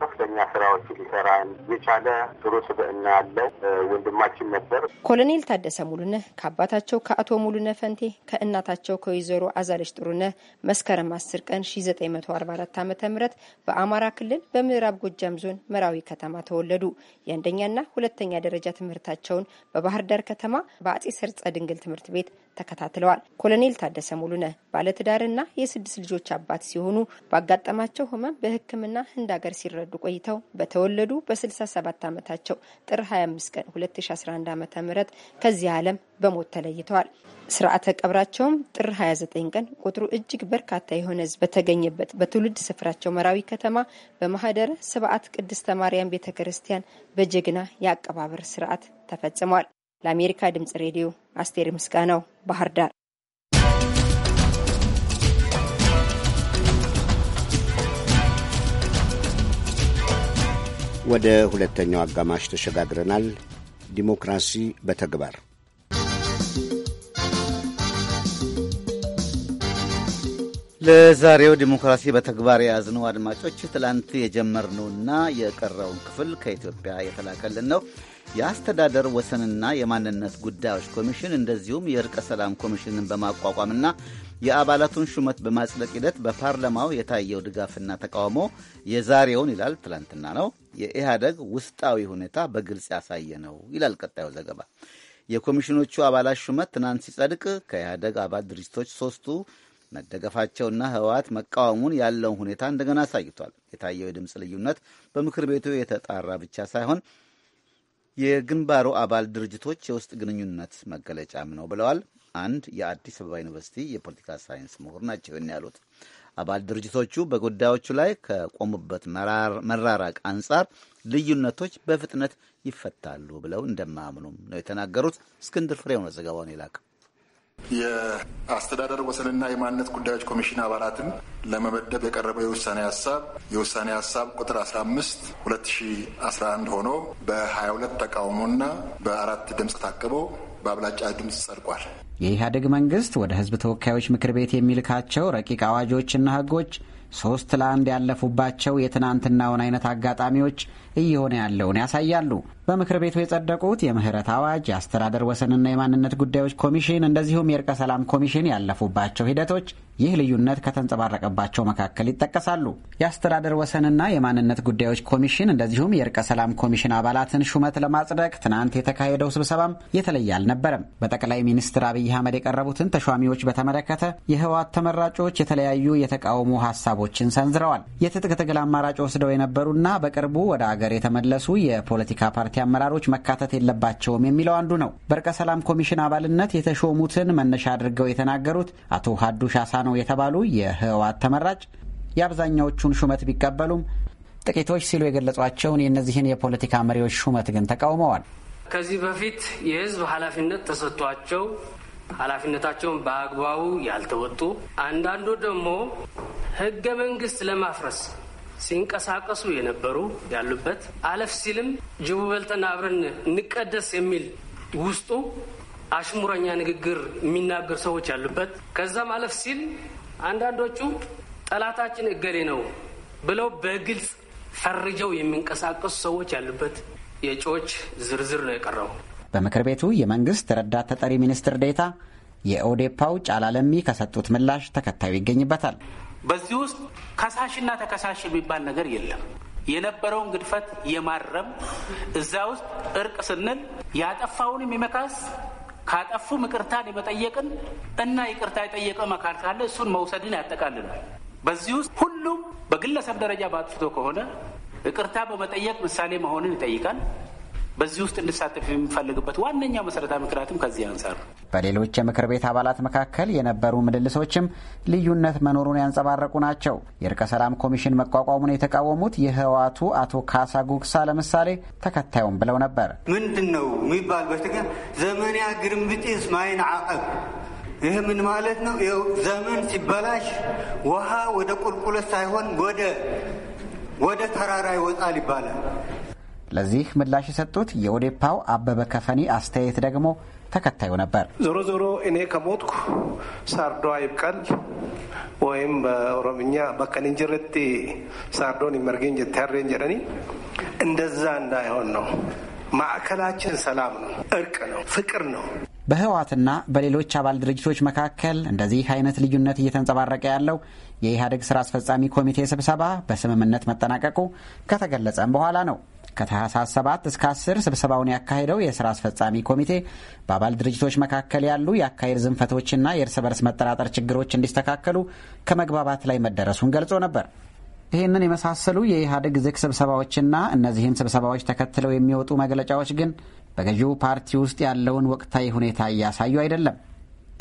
ከፍተኛ ስራዎች ሊሰራ የቻለ ጥሩ ስብዕና ያለው ወንድማችን ነበር። ኮሎኔል ታደሰ ሙሉነህ ከአባታቸው ከአቶ ሙሉነህ ፈንቴ ከእናታቸው ከወይዘሮ አዛለች ጥሩነህ መስከረም አስር ቀን ሺ ዘጠኝ መቶ አርባ አራት በአማራ ክልል በምዕራብ ጎጃም ዞን መራዊ ከተማ ተወለዱ። የአንደኛና ሁለተኛ ደረጃ ትምህርታቸውን በባህር ዳር ከተማ በአጼ ሰርጸ ድንግል ትምህርት ቤት ተከታትለዋል። ኮሎኔል ታደሰ ባለትዳር ባለትዳርና የስድስት ልጆች አባት ሲሆኑ ባጋጠማቸው ህመም በሕክምና ህንድ ሀገር ሲረዱ ቆይተው በተወለዱ በ67 ዓመታቸው ጥር 25 ቀን 2011 ዓ ም ከዚህ ዓለም በሞት ተለይተዋል። ስርዓተ ቀብራቸውም ጥር 29 ቀን ቁጥሩ እጅግ በርካታ የሆነ ህዝብ በተገኘበት በትውልድ ስፍራቸው መራዊ ከተማ በማህደረ ስብዓት ቅድስተ ማርያም ቤተ ክርስቲያን በጀግና የአቀባበር ስርዓት ተፈጽሟል። ለአሜሪካ ድምጽ ሬዲዮ አስቴር ምስጋናው ባህር ዳር። ወደ ሁለተኛው አጋማሽ ተሸጋግረናል። ዲሞክራሲ በተግባር ለዛሬው ዲሞክራሲ በተግባር የያዝነው አድማጮች፣ ትላንት የጀመርነውና የቀረውን ክፍል ከኢትዮጵያ የተላከልን ነው። የአስተዳደር ወሰንና የማንነት ጉዳዮች ኮሚሽን እንደዚሁም የእርቀ ሰላም ኮሚሽንን በማቋቋምና የአባላቱን ሹመት በማጽደቅ ሂደት በፓርላማው የታየው ድጋፍና ተቃውሞ የዛሬውን ይላል ትላንትና ነው የኢህአደግ ውስጣዊ ሁኔታ በግልጽ ያሳየ ነው ይላል ቀጣዩ ዘገባ። የኮሚሽኖቹ አባላት ሹመት ትናንት ሲጸድቅ ከኢህአደግ አባል ድርጅቶች ሶስቱ መደገፋቸውና ህወሓት መቃወሙን ያለውን ሁኔታ እንደገና አሳይቷል። የታየው የድምፅ ልዩነት በምክር ቤቱ የተጣራ ብቻ ሳይሆን የግንባሩ አባል ድርጅቶች የውስጥ ግንኙነት መገለጫም ነው ብለዋል። አንድ የአዲስ አበባ ዩኒቨርሲቲ የፖለቲካ ሳይንስ ምሁር ናቸው ያሉት አባል ድርጅቶቹ በጉዳዮቹ ላይ ከቆሙበት መራራቅ አንጻር ልዩነቶች በፍጥነት ይፈታሉ ብለው እንደማያምኑም ነው የተናገሩት። እስክንድር ፍሬው ነው ዘገባውን የላከው። የአስተዳደር ወሰንና የማንነት ጉዳዮች ኮሚሽን አባላትን ለመመደብ የቀረበው የውሳኔ ሀሳብ የውሳኔ ሀሳብ ቁጥር 15 2011 ሆኖ በ22 ተቃውሞና በአራት ድምፅ ታቅቦ በአብላጫ ድምፅ ጸድቋል። የኢህአዴግ መንግስት ወደ ህዝብ ተወካዮች ምክር ቤት የሚልካቸው ረቂቅ አዋጆችና ህጎች ሶስት ለአንድ ያለፉባቸው የትናንትናውን አይነት አጋጣሚዎች እየሆነ ያለውን ያሳያሉ። በምክር ቤቱ የጸደቁት የምህረት አዋጅ፣ የአስተዳደር ወሰንና የማንነት ጉዳዮች ኮሚሽን እንደዚሁም የእርቀ ሰላም ኮሚሽን ያለፉባቸው ሂደቶች ይህ ልዩነት ከተንጸባረቀባቸው መካከል ይጠቀሳሉ። የአስተዳደር ወሰንና የማንነት ጉዳዮች ኮሚሽን እንደዚሁም የእርቀ ሰላም ኮሚሽን አባላትን ሹመት ለማጽደቅ ትናንት የተካሄደው ስብሰባም የተለየ አልነበረም። በጠቅላይ ሚኒስትር አብይ አህመድ የቀረቡትን ተሿሚዎች በተመለከተ የህወሓት ተመራጮች የተለያዩ የተቃውሞ ሀሳቦችን ሰንዝረዋል። የትጥቅ ትግል አማራጭ ወስደው የነበሩና በቅርቡ ወደ አገር የተመለሱ የፖለቲካ ፓርቲ አመራሮች መካተት የለባቸውም የሚለው አንዱ ነው። በእርቀ ሰላም ኮሚሽን አባልነት የተሾሙትን መነሻ አድርገው የተናገሩት አቶ ሀዱሽ አሳ ነው የተባሉ የህወሓት ተመራጭ የአብዛኛዎቹን ሹመት ቢቀበሉም ጥቂቶች ሲሉ የገለጿቸውን የእነዚህን የፖለቲካ መሪዎች ሹመት ግን ተቃውመዋል። ከዚህ በፊት የህዝብ ኃላፊነት ተሰጥቷቸው ኃላፊነታቸውን በአግባቡ ያልተወጡ፣ አንዳንዱ ደግሞ ህገ መንግስት ለማፍረስ ሲንቀሳቀሱ የነበሩ ያሉበት አለፍ ሲልም ጅቡ በልተን አብረን እንቀደስ የሚል ውስጡ አሽሙረኛ ንግግር የሚናገር ሰዎች ያሉበት ከዛ ማለፍ ሲል አንዳንዶቹ ጠላታችን እገሌ ነው ብለው በግልጽ ፈርጀው የሚንቀሳቀሱ ሰዎች ያሉበት የእጩዎች ዝርዝር ነው የቀረው። በምክር ቤቱ የመንግስት ረዳት ተጠሪ ሚኒስትር ዴታ የኦዴፓው ጫላ ለሚ ከሰጡት ምላሽ ተከታዩ ይገኝበታል። በዚህ ውስጥ ከሳሽና ተከሳሽ የሚባል ነገር የለም። የነበረውን ግድፈት የማረም እዛ ውስጥ እርቅ ስንል ያጠፋውን የሚመካስ ካጠፉም ምቅርታን የመጠየቅን እና ይቅርታ የጠየቀ መካል ካለ እሱን መውሰድን ያጠቃልላል። በዚህ ውስጥ ሁሉም በግለሰብ ደረጃ ባጥፍቶ ከሆነ ይቅርታ በመጠየቅ ምሳሌ መሆንን ይጠይቃል። በዚህ ውስጥ እንድሳተፍ የሚፈልግበት ዋነኛው መሰረታዊ ምክንያትም ከዚህ አንጻር ነው። በሌሎች የምክር ቤት አባላት መካከል የነበሩ ምልልሶችም ልዩነት መኖሩን ያንጸባረቁ ናቸው። የእርቀ ሰላም ኮሚሽን መቋቋሙን የተቃወሙት የህወሓቱ አቶ ካሳ ጉግሳ ለምሳሌ ተከታዩም ብለው ነበር። ምንድን ነው የሚባል ዘመን ያግርም ግርምብጢስ ማይን አቀብ ይህ ምን ማለት ነው? ይኸው ዘመን ሲበላሽ ውሃ ወደ ቁልቁለት ሳይሆን ወደ ወደ ተራራ ይወጣል ይባላል። ለዚህ ምላሽ የሰጡት የኦዴፓው አበበ ከፈኒ አስተያየት ደግሞ ተከታዩ ነበር። ዞሮ ዞሮ እኔ ከሞትኩ ሳርዶ አይብቀል ወይም በኦሮምኛ በከንንጅርቲ ሳርዶን ይመርገኝ ጀታሬን ጀረኒ እንደዛ እንዳይሆን ነው። ማዕከላችን ሰላም ነው፣ እርቅ ነው፣ ፍቅር ነው። በህወሓትና በሌሎች አባል ድርጅቶች መካከል እንደዚህ አይነት ልዩነት እየተንጸባረቀ ያለው የኢህአዴግ ስራ አስፈጻሚ ኮሚቴ ስብሰባ በስምምነት መጠናቀቁ ከተገለጸም በኋላ ነው። ከታህሳስ 7 እስከ 10 ስብሰባውን ያካሄደው የስራ አስፈጻሚ ኮሚቴ በአባል ድርጅቶች መካከል ያሉ የአካሄድ ዝንፈቶችና የእርስ በርስ መጠራጠር ችግሮች እንዲስተካከሉ ከመግባባት ላይ መደረሱን ገልጾ ነበር። ይህንን የመሳሰሉ የኢህአዴግ ዝግ ስብሰባዎችና እነዚህን ስብሰባዎች ተከትለው የሚወጡ መግለጫዎች ግን በገዢው ፓርቲ ውስጥ ያለውን ወቅታዊ ሁኔታ እያሳዩ አይደለም።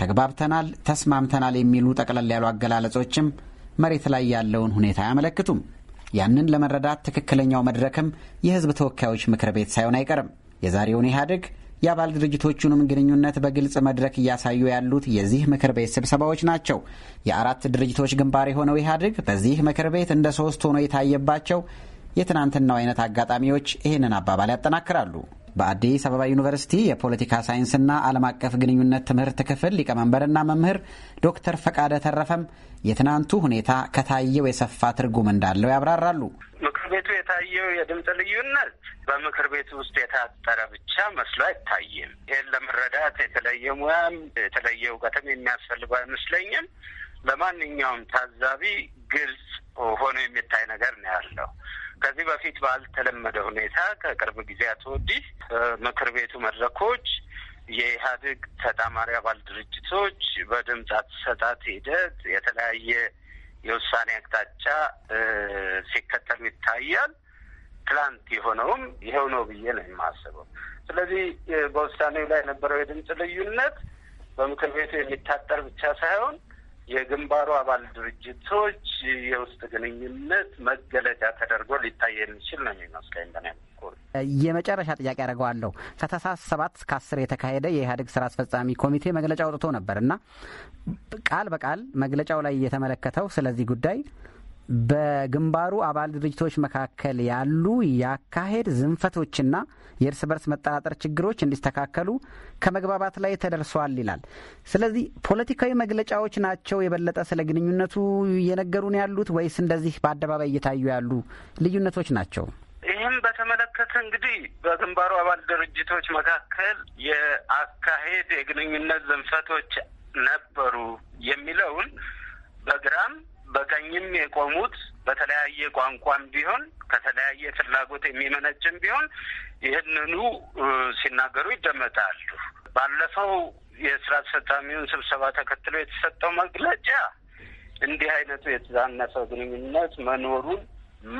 ተግባብተናል፣ ተስማምተናል የሚሉ ጠቅለል ያሉ አገላለጾችም መሬት ላይ ያለውን ሁኔታ አያመለክቱም። ያንን ለመረዳት ትክክለኛው መድረክም የህዝብ ተወካዮች ምክር ቤት ሳይሆን አይቀርም። የዛሬውን ኢህአዴግ የአባል ድርጅቶቹንም ግንኙነት በግልጽ መድረክ እያሳዩ ያሉት የዚህ ምክር ቤት ስብሰባዎች ናቸው። የአራት ድርጅቶች ግንባር የሆነው ኢህአዴግ በዚህ ምክር ቤት እንደ ሶስት ሆኖ የታየባቸው የትናንትናው አይነት አጋጣሚዎች ይህንን አባባል ያጠናክራሉ። በአዲስ አበባ ዩኒቨርሲቲ የፖለቲካ ሳይንስና ዓለም አቀፍ ግንኙነት ትምህርት ክፍል ሊቀመንበርና መምህር ዶክተር ፈቃደ ተረፈም የትናንቱ ሁኔታ ከታየው የሰፋ ትርጉም እንዳለው ያብራራሉ። ምክር ቤቱ የታየው የድምፅ ልዩነት በምክር ቤቱ ውስጥ የታጠረ ብቻ መስሎ አይታይም። ይህን ለመረዳት የተለየ ሙያም የተለየ እውቀትም የሚያስፈልገው አይመስለኝም። ለማንኛውም ታዛቢ ግልጽ ሆኖ የሚታይ ነገር ነው ያለው ከዚህ በፊት ባልተለመደ ሁኔታ ከቅርብ ጊዜያት ወዲህ ምክር ቤቱ መድረኮች የኢህአዴግ ተጣማሪ አባል ድርጅቶች በድምፅ አሰጣጥ ሂደት የተለያየ የውሳኔ አቅጣጫ ሲከተሉ ይታያል። ትላንት የሆነውም ይኸው ነው ብዬ ነው የማስበው። ስለዚህ በውሳኔው ላይ የነበረው የድምፅ ልዩነት በምክር ቤቱ የሚታጠር ብቻ ሳይሆን የግንባሩ አባል ድርጅቶች የውስጥ ግንኙነት መገለጫ ተደርጎ ሊታይ የሚችል ነው የሚመስለኝ። በኔ የመጨረሻ ጥያቄ አደርገዋለሁ። ከታህሳስ ሰባት እስከ አስር የተካሄደ የኢህአዴግ ስራ አስፈጻሚ ኮሚቴ መግለጫ አውጥቶ ነበር እና ቃል በቃል መግለጫው ላይ የተመለከተው ስለዚህ ጉዳይ በግንባሩ አባል ድርጅቶች መካከል ያሉ የአካሄድ ዝንፈቶችና የእርስ በርስ መጠራጠር ችግሮች እንዲስተካከሉ ከመግባባት ላይ ተደርሷል ይላል። ስለዚህ ፖለቲካዊ መግለጫዎች ናቸው የበለጠ ስለ ግንኙነቱ እየነገሩን ያሉት ወይስ እንደዚህ በአደባባይ እየታዩ ያሉ ልዩነቶች ናቸው? ይህም በተመለከተ እንግዲህ በግንባሩ አባል ድርጅቶች መካከል የአካሄድ የግንኙነት ዝንፈቶች ነበሩ የሚለውን በግራም በቀኝም የቆሙት በተለያየ ቋንቋም ቢሆን ከተለያየ ፍላጎት የሚመነጭም ቢሆን ይህንኑ ሲናገሩ ይደመጣሉ። ባለፈው የስራ አስፈጻሚውን ስብሰባ ተከትሎ የተሰጠው መግለጫ እንዲህ አይነቱ የተዛነፈ ግንኙነት መኖሩን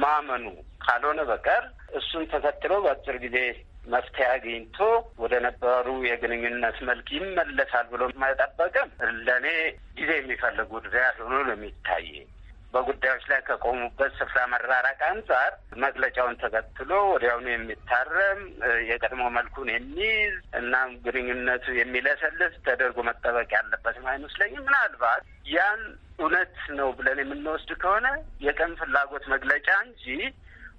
ማመኑ ካልሆነ በቀር እሱን ተከትሎ በአጭር ጊዜ መፍትሄ አግኝቶ ወደ ነበሩ የግንኙነት መልክ ይመለሳል ብሎ መጠበቅም ለእኔ ጊዜ የሚፈልግ ጉዳይ ሆኖ ነው የሚታይ። በጉዳዮች ላይ ከቆሙበት ስፍራ መራራቅ አንጻር መግለጫውን ተከትሎ ወዲያውኑ የሚታረም የቀድሞ መልኩን የሚይዝ እናም ግንኙነቱ የሚለሰልስ ተደርጎ መጠበቅ ያለበትም አይመስለኝም። ምናልባት ያን እውነት ነው ብለን የምንወስድ ከሆነ የቀን ፍላጎት መግለጫ እንጂ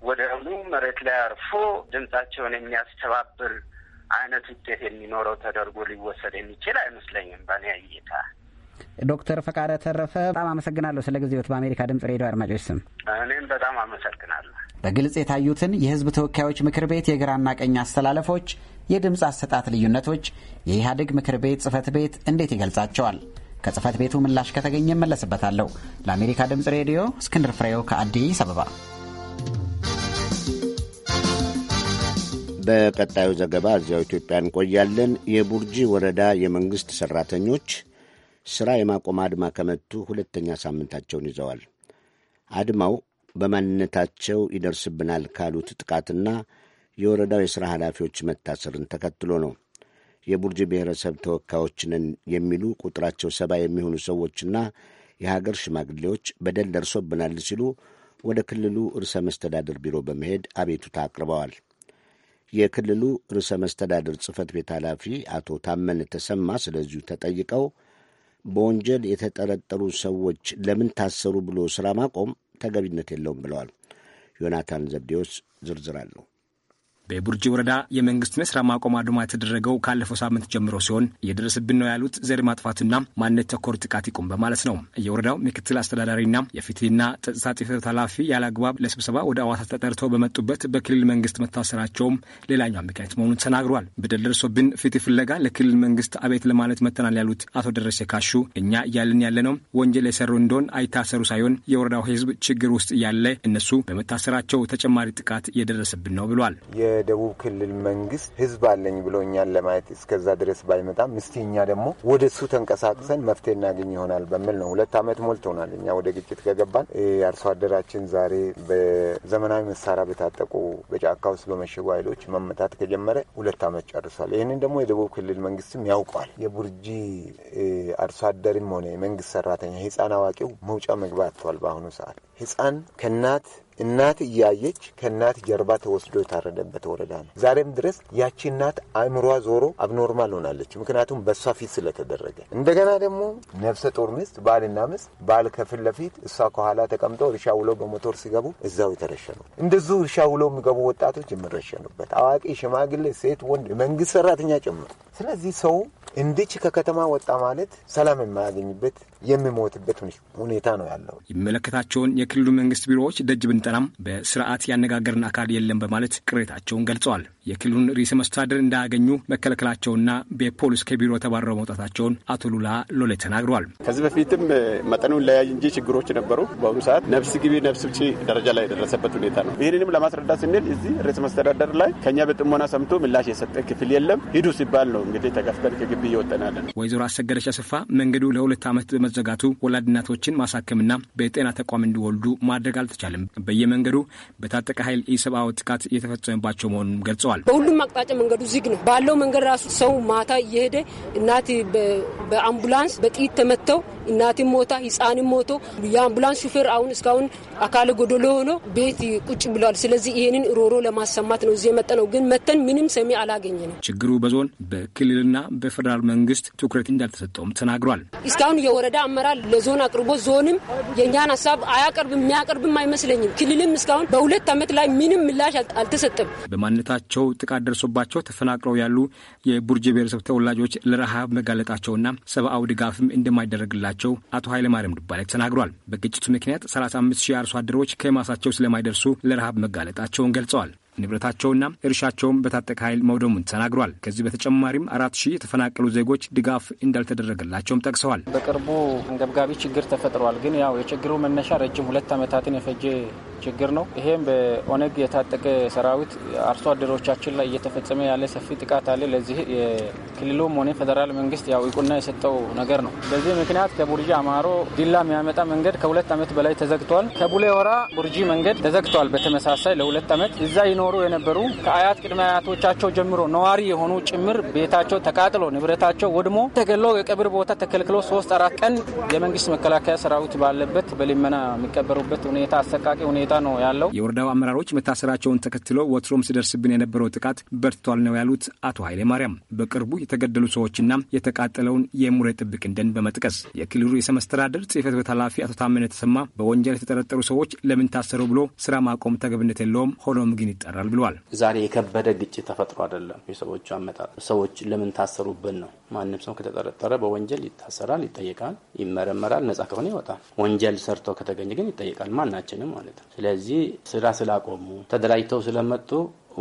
ወዲያውኑ መሬት ላይ አርፎ ድምጻቸውን የሚያስተባብር አይነት ውጤት የሚኖረው ተደርጎ ሊወሰድ የሚችል አይመስለኝም በኔ እይታ። ዶክተር ፈቃደ ተረፈ በጣም አመሰግናለሁ ስለ ጊዜዎት። በአሜሪካ ድምጽ ሬዲዮ አድማጮች ስም እኔም በጣም አመሰግናለሁ። በግልጽ የታዩትን የህዝብ ተወካዮች ምክር ቤት የግራና ቀኝ አስተላለፎች፣ የድምፅ አሰጣት ልዩነቶች የኢህአዴግ ምክር ቤት ጽህፈት ቤት እንዴት ይገልጻቸዋል? ከጽህፈት ቤቱ ምላሽ ከተገኘ እመለስበታለሁ። ለአሜሪካ ድምፅ ሬዲዮ እስክንድር ፍሬው ከአዲስ አበባ በቀጣዩ ዘገባ እዚያው ኢትዮጵያ እንቆያለን። የቡርጂ ወረዳ የመንግሥት ሠራተኞች ሥራ የማቆም አድማ ከመቱ ሁለተኛ ሳምንታቸውን ይዘዋል። አድማው በማንነታቸው ይደርስብናል ካሉት ጥቃትና የወረዳው የሥራ ኃላፊዎች መታሰርን ተከትሎ ነው። የቡርጂ ብሔረሰብ ተወካዮችንን የሚሉ ቁጥራቸው ሰባ የሚሆኑ ሰዎችና የሀገር ሽማግሌዎች በደል ደርሶብናል ሲሉ ወደ ክልሉ ርዕሰ መስተዳድር ቢሮ በመሄድ አቤቱታ አቅርበዋል። የክልሉ ርዕሰ መስተዳድር ጽህፈት ቤት ኃላፊ አቶ ታመን ተሰማ ስለዚሁ ተጠይቀው በወንጀል የተጠረጠሩ ሰዎች ለምን ታሰሩ ብሎ ስራ ማቆም ተገቢነት የለውም ብለዋል። ዮናታን ዘብዴዎስ ዝርዝር አለው። በቡርጂ ወረዳ የመንግስቱን የስራ ማቆም አድማ የተደረገው ካለፈው ሳምንት ጀምሮ ሲሆን እየደረሰብን ነው ያሉት ዘር ማጥፋትና ማንነት ተኮር ጥቃት ይቁም በማለት ነው። የወረዳው ምክትል አስተዳዳሪና የፍትህና ጸጥታ ጽሕፈት ኃላፊ ያለ ለስብሰባ ወደ አዋሳ ተጠርተው በመጡበት በክልል መንግስት መታሰራቸውም ሌላኛው ምክንያት መሆኑን ተናግሯል። በደል ደርሶብን ፍትህ ፍለጋ ለክልል መንግስት አቤት ለማለት መተናል ያሉት አቶ ደረሴ ካሹ እኛ እያልን ያለ ነው ወንጀል የሰሩ እንደሆን አይታሰሩ ሳይሆን የወረዳው ህዝብ ችግር ውስጥ እያለ እነሱ በመታሰራቸው ተጨማሪ ጥቃት እየደረሰብን ነው ብሏል። የደቡብ ክልል መንግስት ህዝብ አለኝ ብሎ እኛን ለማየት እስከዛ ድረስ ባይመጣም እስቲ እኛ ደግሞ ወደ እሱ ተንቀሳቅሰን መፍትሄ እናገኝ ይሆናል በሚል ነው። ሁለት ዓመት ሞልቶናል እኛ ወደ ግጭት ከገባን። አርሶ አደራችን ዛሬ በዘመናዊ መሳሪያ በታጠቁ በጫካ ውስጥ በመሸጉ ኃይሎች መመታት ከጀመረ ሁለት ዓመት ጨርሷል። ይህንን ደግሞ የደቡብ ክልል መንግስትም ያውቋል። የቡርጂ አርሶ አደርም ሆነ የመንግስት ሰራተኛ ህፃን አዋቂው መውጫ መግባት ተዋል። በአሁኑ ሰዓት ህፃን ከእናት እናት እያየች ከእናት ጀርባ ተወስዶ የታረደበት ወረዳ ነው። ዛሬም ድረስ ያቺ እናት አእምሯ ዞሮ አብኖርማል ሆናለች። ምክንያቱም በእሷ ፊት ስለተደረገ። እንደገና ደግሞ ነፍሰ ጡር ሚስት ባልና ሚስት ባል ከፊት ለፊት እሷ ከኋላ ተቀምጦ እርሻ ውሎ በሞቶር ሲገቡ እዛው የተረሸኑ እንደዙ እርሻ ውሎ የሚገቡ ወጣቶች የምረሸኑበት አዋቂ፣ ሽማግሌ፣ ሴት፣ ወንድ፣ መንግስት ሰራተኛ ጭምር ስለዚህ ሰው እንዲች ከከተማ ወጣ ማለት ሰላም የማያገኝበት የሚሞትበት ሁኔታ ነው ያለው። የሚመለከታቸውን የክልሉ መንግስት ቢሮዎች ደጅ ብንጠናም በስርዓት ያነጋገርን አካል የለም በማለት ቅሬታቸውን ገልጸዋል። የክልሉን ርዕሰ መስተዳድር እንዳያገኙ መከልከላቸውና በፖሊስ ከቢሮ ተባረው መውጣታቸውን አቶ ሉላ ሎሌ ተናግረዋል። ከዚህ በፊትም መጠኑ ለያይ እንጂ ችግሮች ነበሩ። በአሁኑ ሰዓት ነፍስ ግቢ ነፍስ ውጪ ደረጃ ላይ የደረሰበት ሁኔታ ነው። ይህንንም ለማስረዳት ስንል እዚህ ርዕሰ መስተዳደር ላይ ከኛ በጥሞና ሰምቶ ምላሽ የሰጠ ክፍል የለም። ሂዱ ሲባል ነው እንግዲህ ተከፍተን ከግቢ እየወጠናለን። ወይዘሮ አሰገደች አስፋ መንገዱ ለሁለት ዓመት በመዘጋቱ ወላድ እናቶችን ማሳከምና በጤና ተቋም እንዲወልዱ ማድረግ አልተቻለም። በየመንገዱ በታጠቀ ኃይል ኢሰብአዊ ጥቃት እየተፈጸመባቸው መሆኑን ገልጸዋል። በሁሉም አቅጣጫ መንገዱ ዝግ ነው። ባለው መንገድ ራሱ ሰው ማታ እየሄደ እናት በአምቡላንስ በጥይት ተመተው እናትም ሞታ ህፃንም ሞቶ የአምቡላንስ ሹፌር አሁን እስካሁን አካለ ጎደሎ ሆኖ ቤት ቁጭ ብለዋል። ስለዚህ ይህንን ሮሮ ለማሰማት ነው እዚህ የመጣ ነው። ግን መተን ምንም ሰሚ ነው። ችግሩ በዞን ክልልና በፌዴራል መንግስት ትኩረት እንዳልተሰጠውም ተናግሯል። እስካሁን የወረዳ አመራር ለዞን አቅርቦ ዞንም የእኛን ሀሳብ አያቀርብም የሚያቀርብም አይመስለኝም። ክልልም እስካሁን በሁለት ዓመት ላይ ምንም ምላሽ አልተሰጠም። በማንነታቸው ጥቃት ደርሶባቸው ተፈናቅለው ያሉ የቡርጅ ብሔረሰብ ተወላጆች ለረሃብ መጋለጣቸውና ሰብአዊ ድጋፍም እንደማይደረግላቸው አቶ ኃይለማርያም ዱባላይ ተናግሯል። በግጭቱ ምክንያት 35 ሺህ አርሶ አደሮች ከማሳቸው ስለማይደርሱ ለረሃብ መጋለጣቸውን ገልጸዋል። ንብረታቸውና እርሻቸውም በታጠቀ ኃይል መውደሙን ተናግሯል። ከዚህ በተጨማሪም አራት ሺህ የተፈናቀሉ ዜጎች ድጋፍ እንዳልተደረገላቸውም ጠቅሰዋል። በቅርቡ አንገብጋቢ ችግር ተፈጥሯል። ግን ያው የችግሩ መነሻ ረጅም ሁለት ዓመታትን የፈጀ ችግር ነው። ይሄም በኦነግ የታጠቀ ሰራዊት አርሶ አደሮቻችን ላይ እየተፈጸመ ያለ ሰፊ ጥቃት አለ። ለዚህ የክልሉም ሆነ ፌዴራል መንግስት ያው እውቅና የሰጠው ነገር ነው። በዚህ ምክንያት ከቡርጂ አማሮ ዲላ የሚያመጣ መንገድ ከሁለት ዓመት በላይ ተዘግቷል። ከቡሌ ቡርጂ መንገድ ተዘግቷል። በተመሳሳይ ለሁለት ዓመት እዛ ይኖሩ የነበሩ ከአያት ቅድመ አያቶቻቸው ጀምሮ ነዋሪ የሆኑ ጭምር ቤታቸው ተቃጥሎ ንብረታቸው ወድሞ ተገሎ የቀብር ቦታ ተከልክሎ ሶስት አራት ቀን የመንግስት መከላከያ ሰራዊት ባለበት በልመና የሚቀበሩበት ሁኔታ አሰቃቂ ሁኔታ ነው ያለው። የወረዳው አመራሮች መታሰራቸውን ተከትሎ ወትሮም ሲደርስብን የነበረው ጥቃት በርትቷል ነው ያሉት አቶ ኃይሌ ማርያም በቅርቡ የተገደሉ ሰዎችና የተቃጠለውን የሙሬ ጥብቅ ደን በመጥቀስ የክልሉ ርዕሰ ጽህፈት ቤት ኃላፊ አቶ ታመነ ተሰማ በወንጀል የተጠረጠሩ ሰዎች ለምን ታሰሩ ብሎ ስራ ማቆም ተገብነት የለውም ሆኖም ግን ይቀራል ብለዋል። ዛሬ የከበደ ግጭት ተፈጥሮ አይደለም። የሰዎቹ አመጣጥ ሰዎች ለምን ታሰሩብን ነው። ማንም ሰው ከተጠረጠረ በወንጀል ይታሰራል፣ ይጠየቃል፣ ይመረመራል። ነጻ ከሆነ ይወጣል። ወንጀል ሰርቶ ከተገኘ ግን ይጠየቃል፣ ማናችንም ማለት ነው። ስለዚህ ስራ ስላቆሙ ተደራጅተው ስለመጡ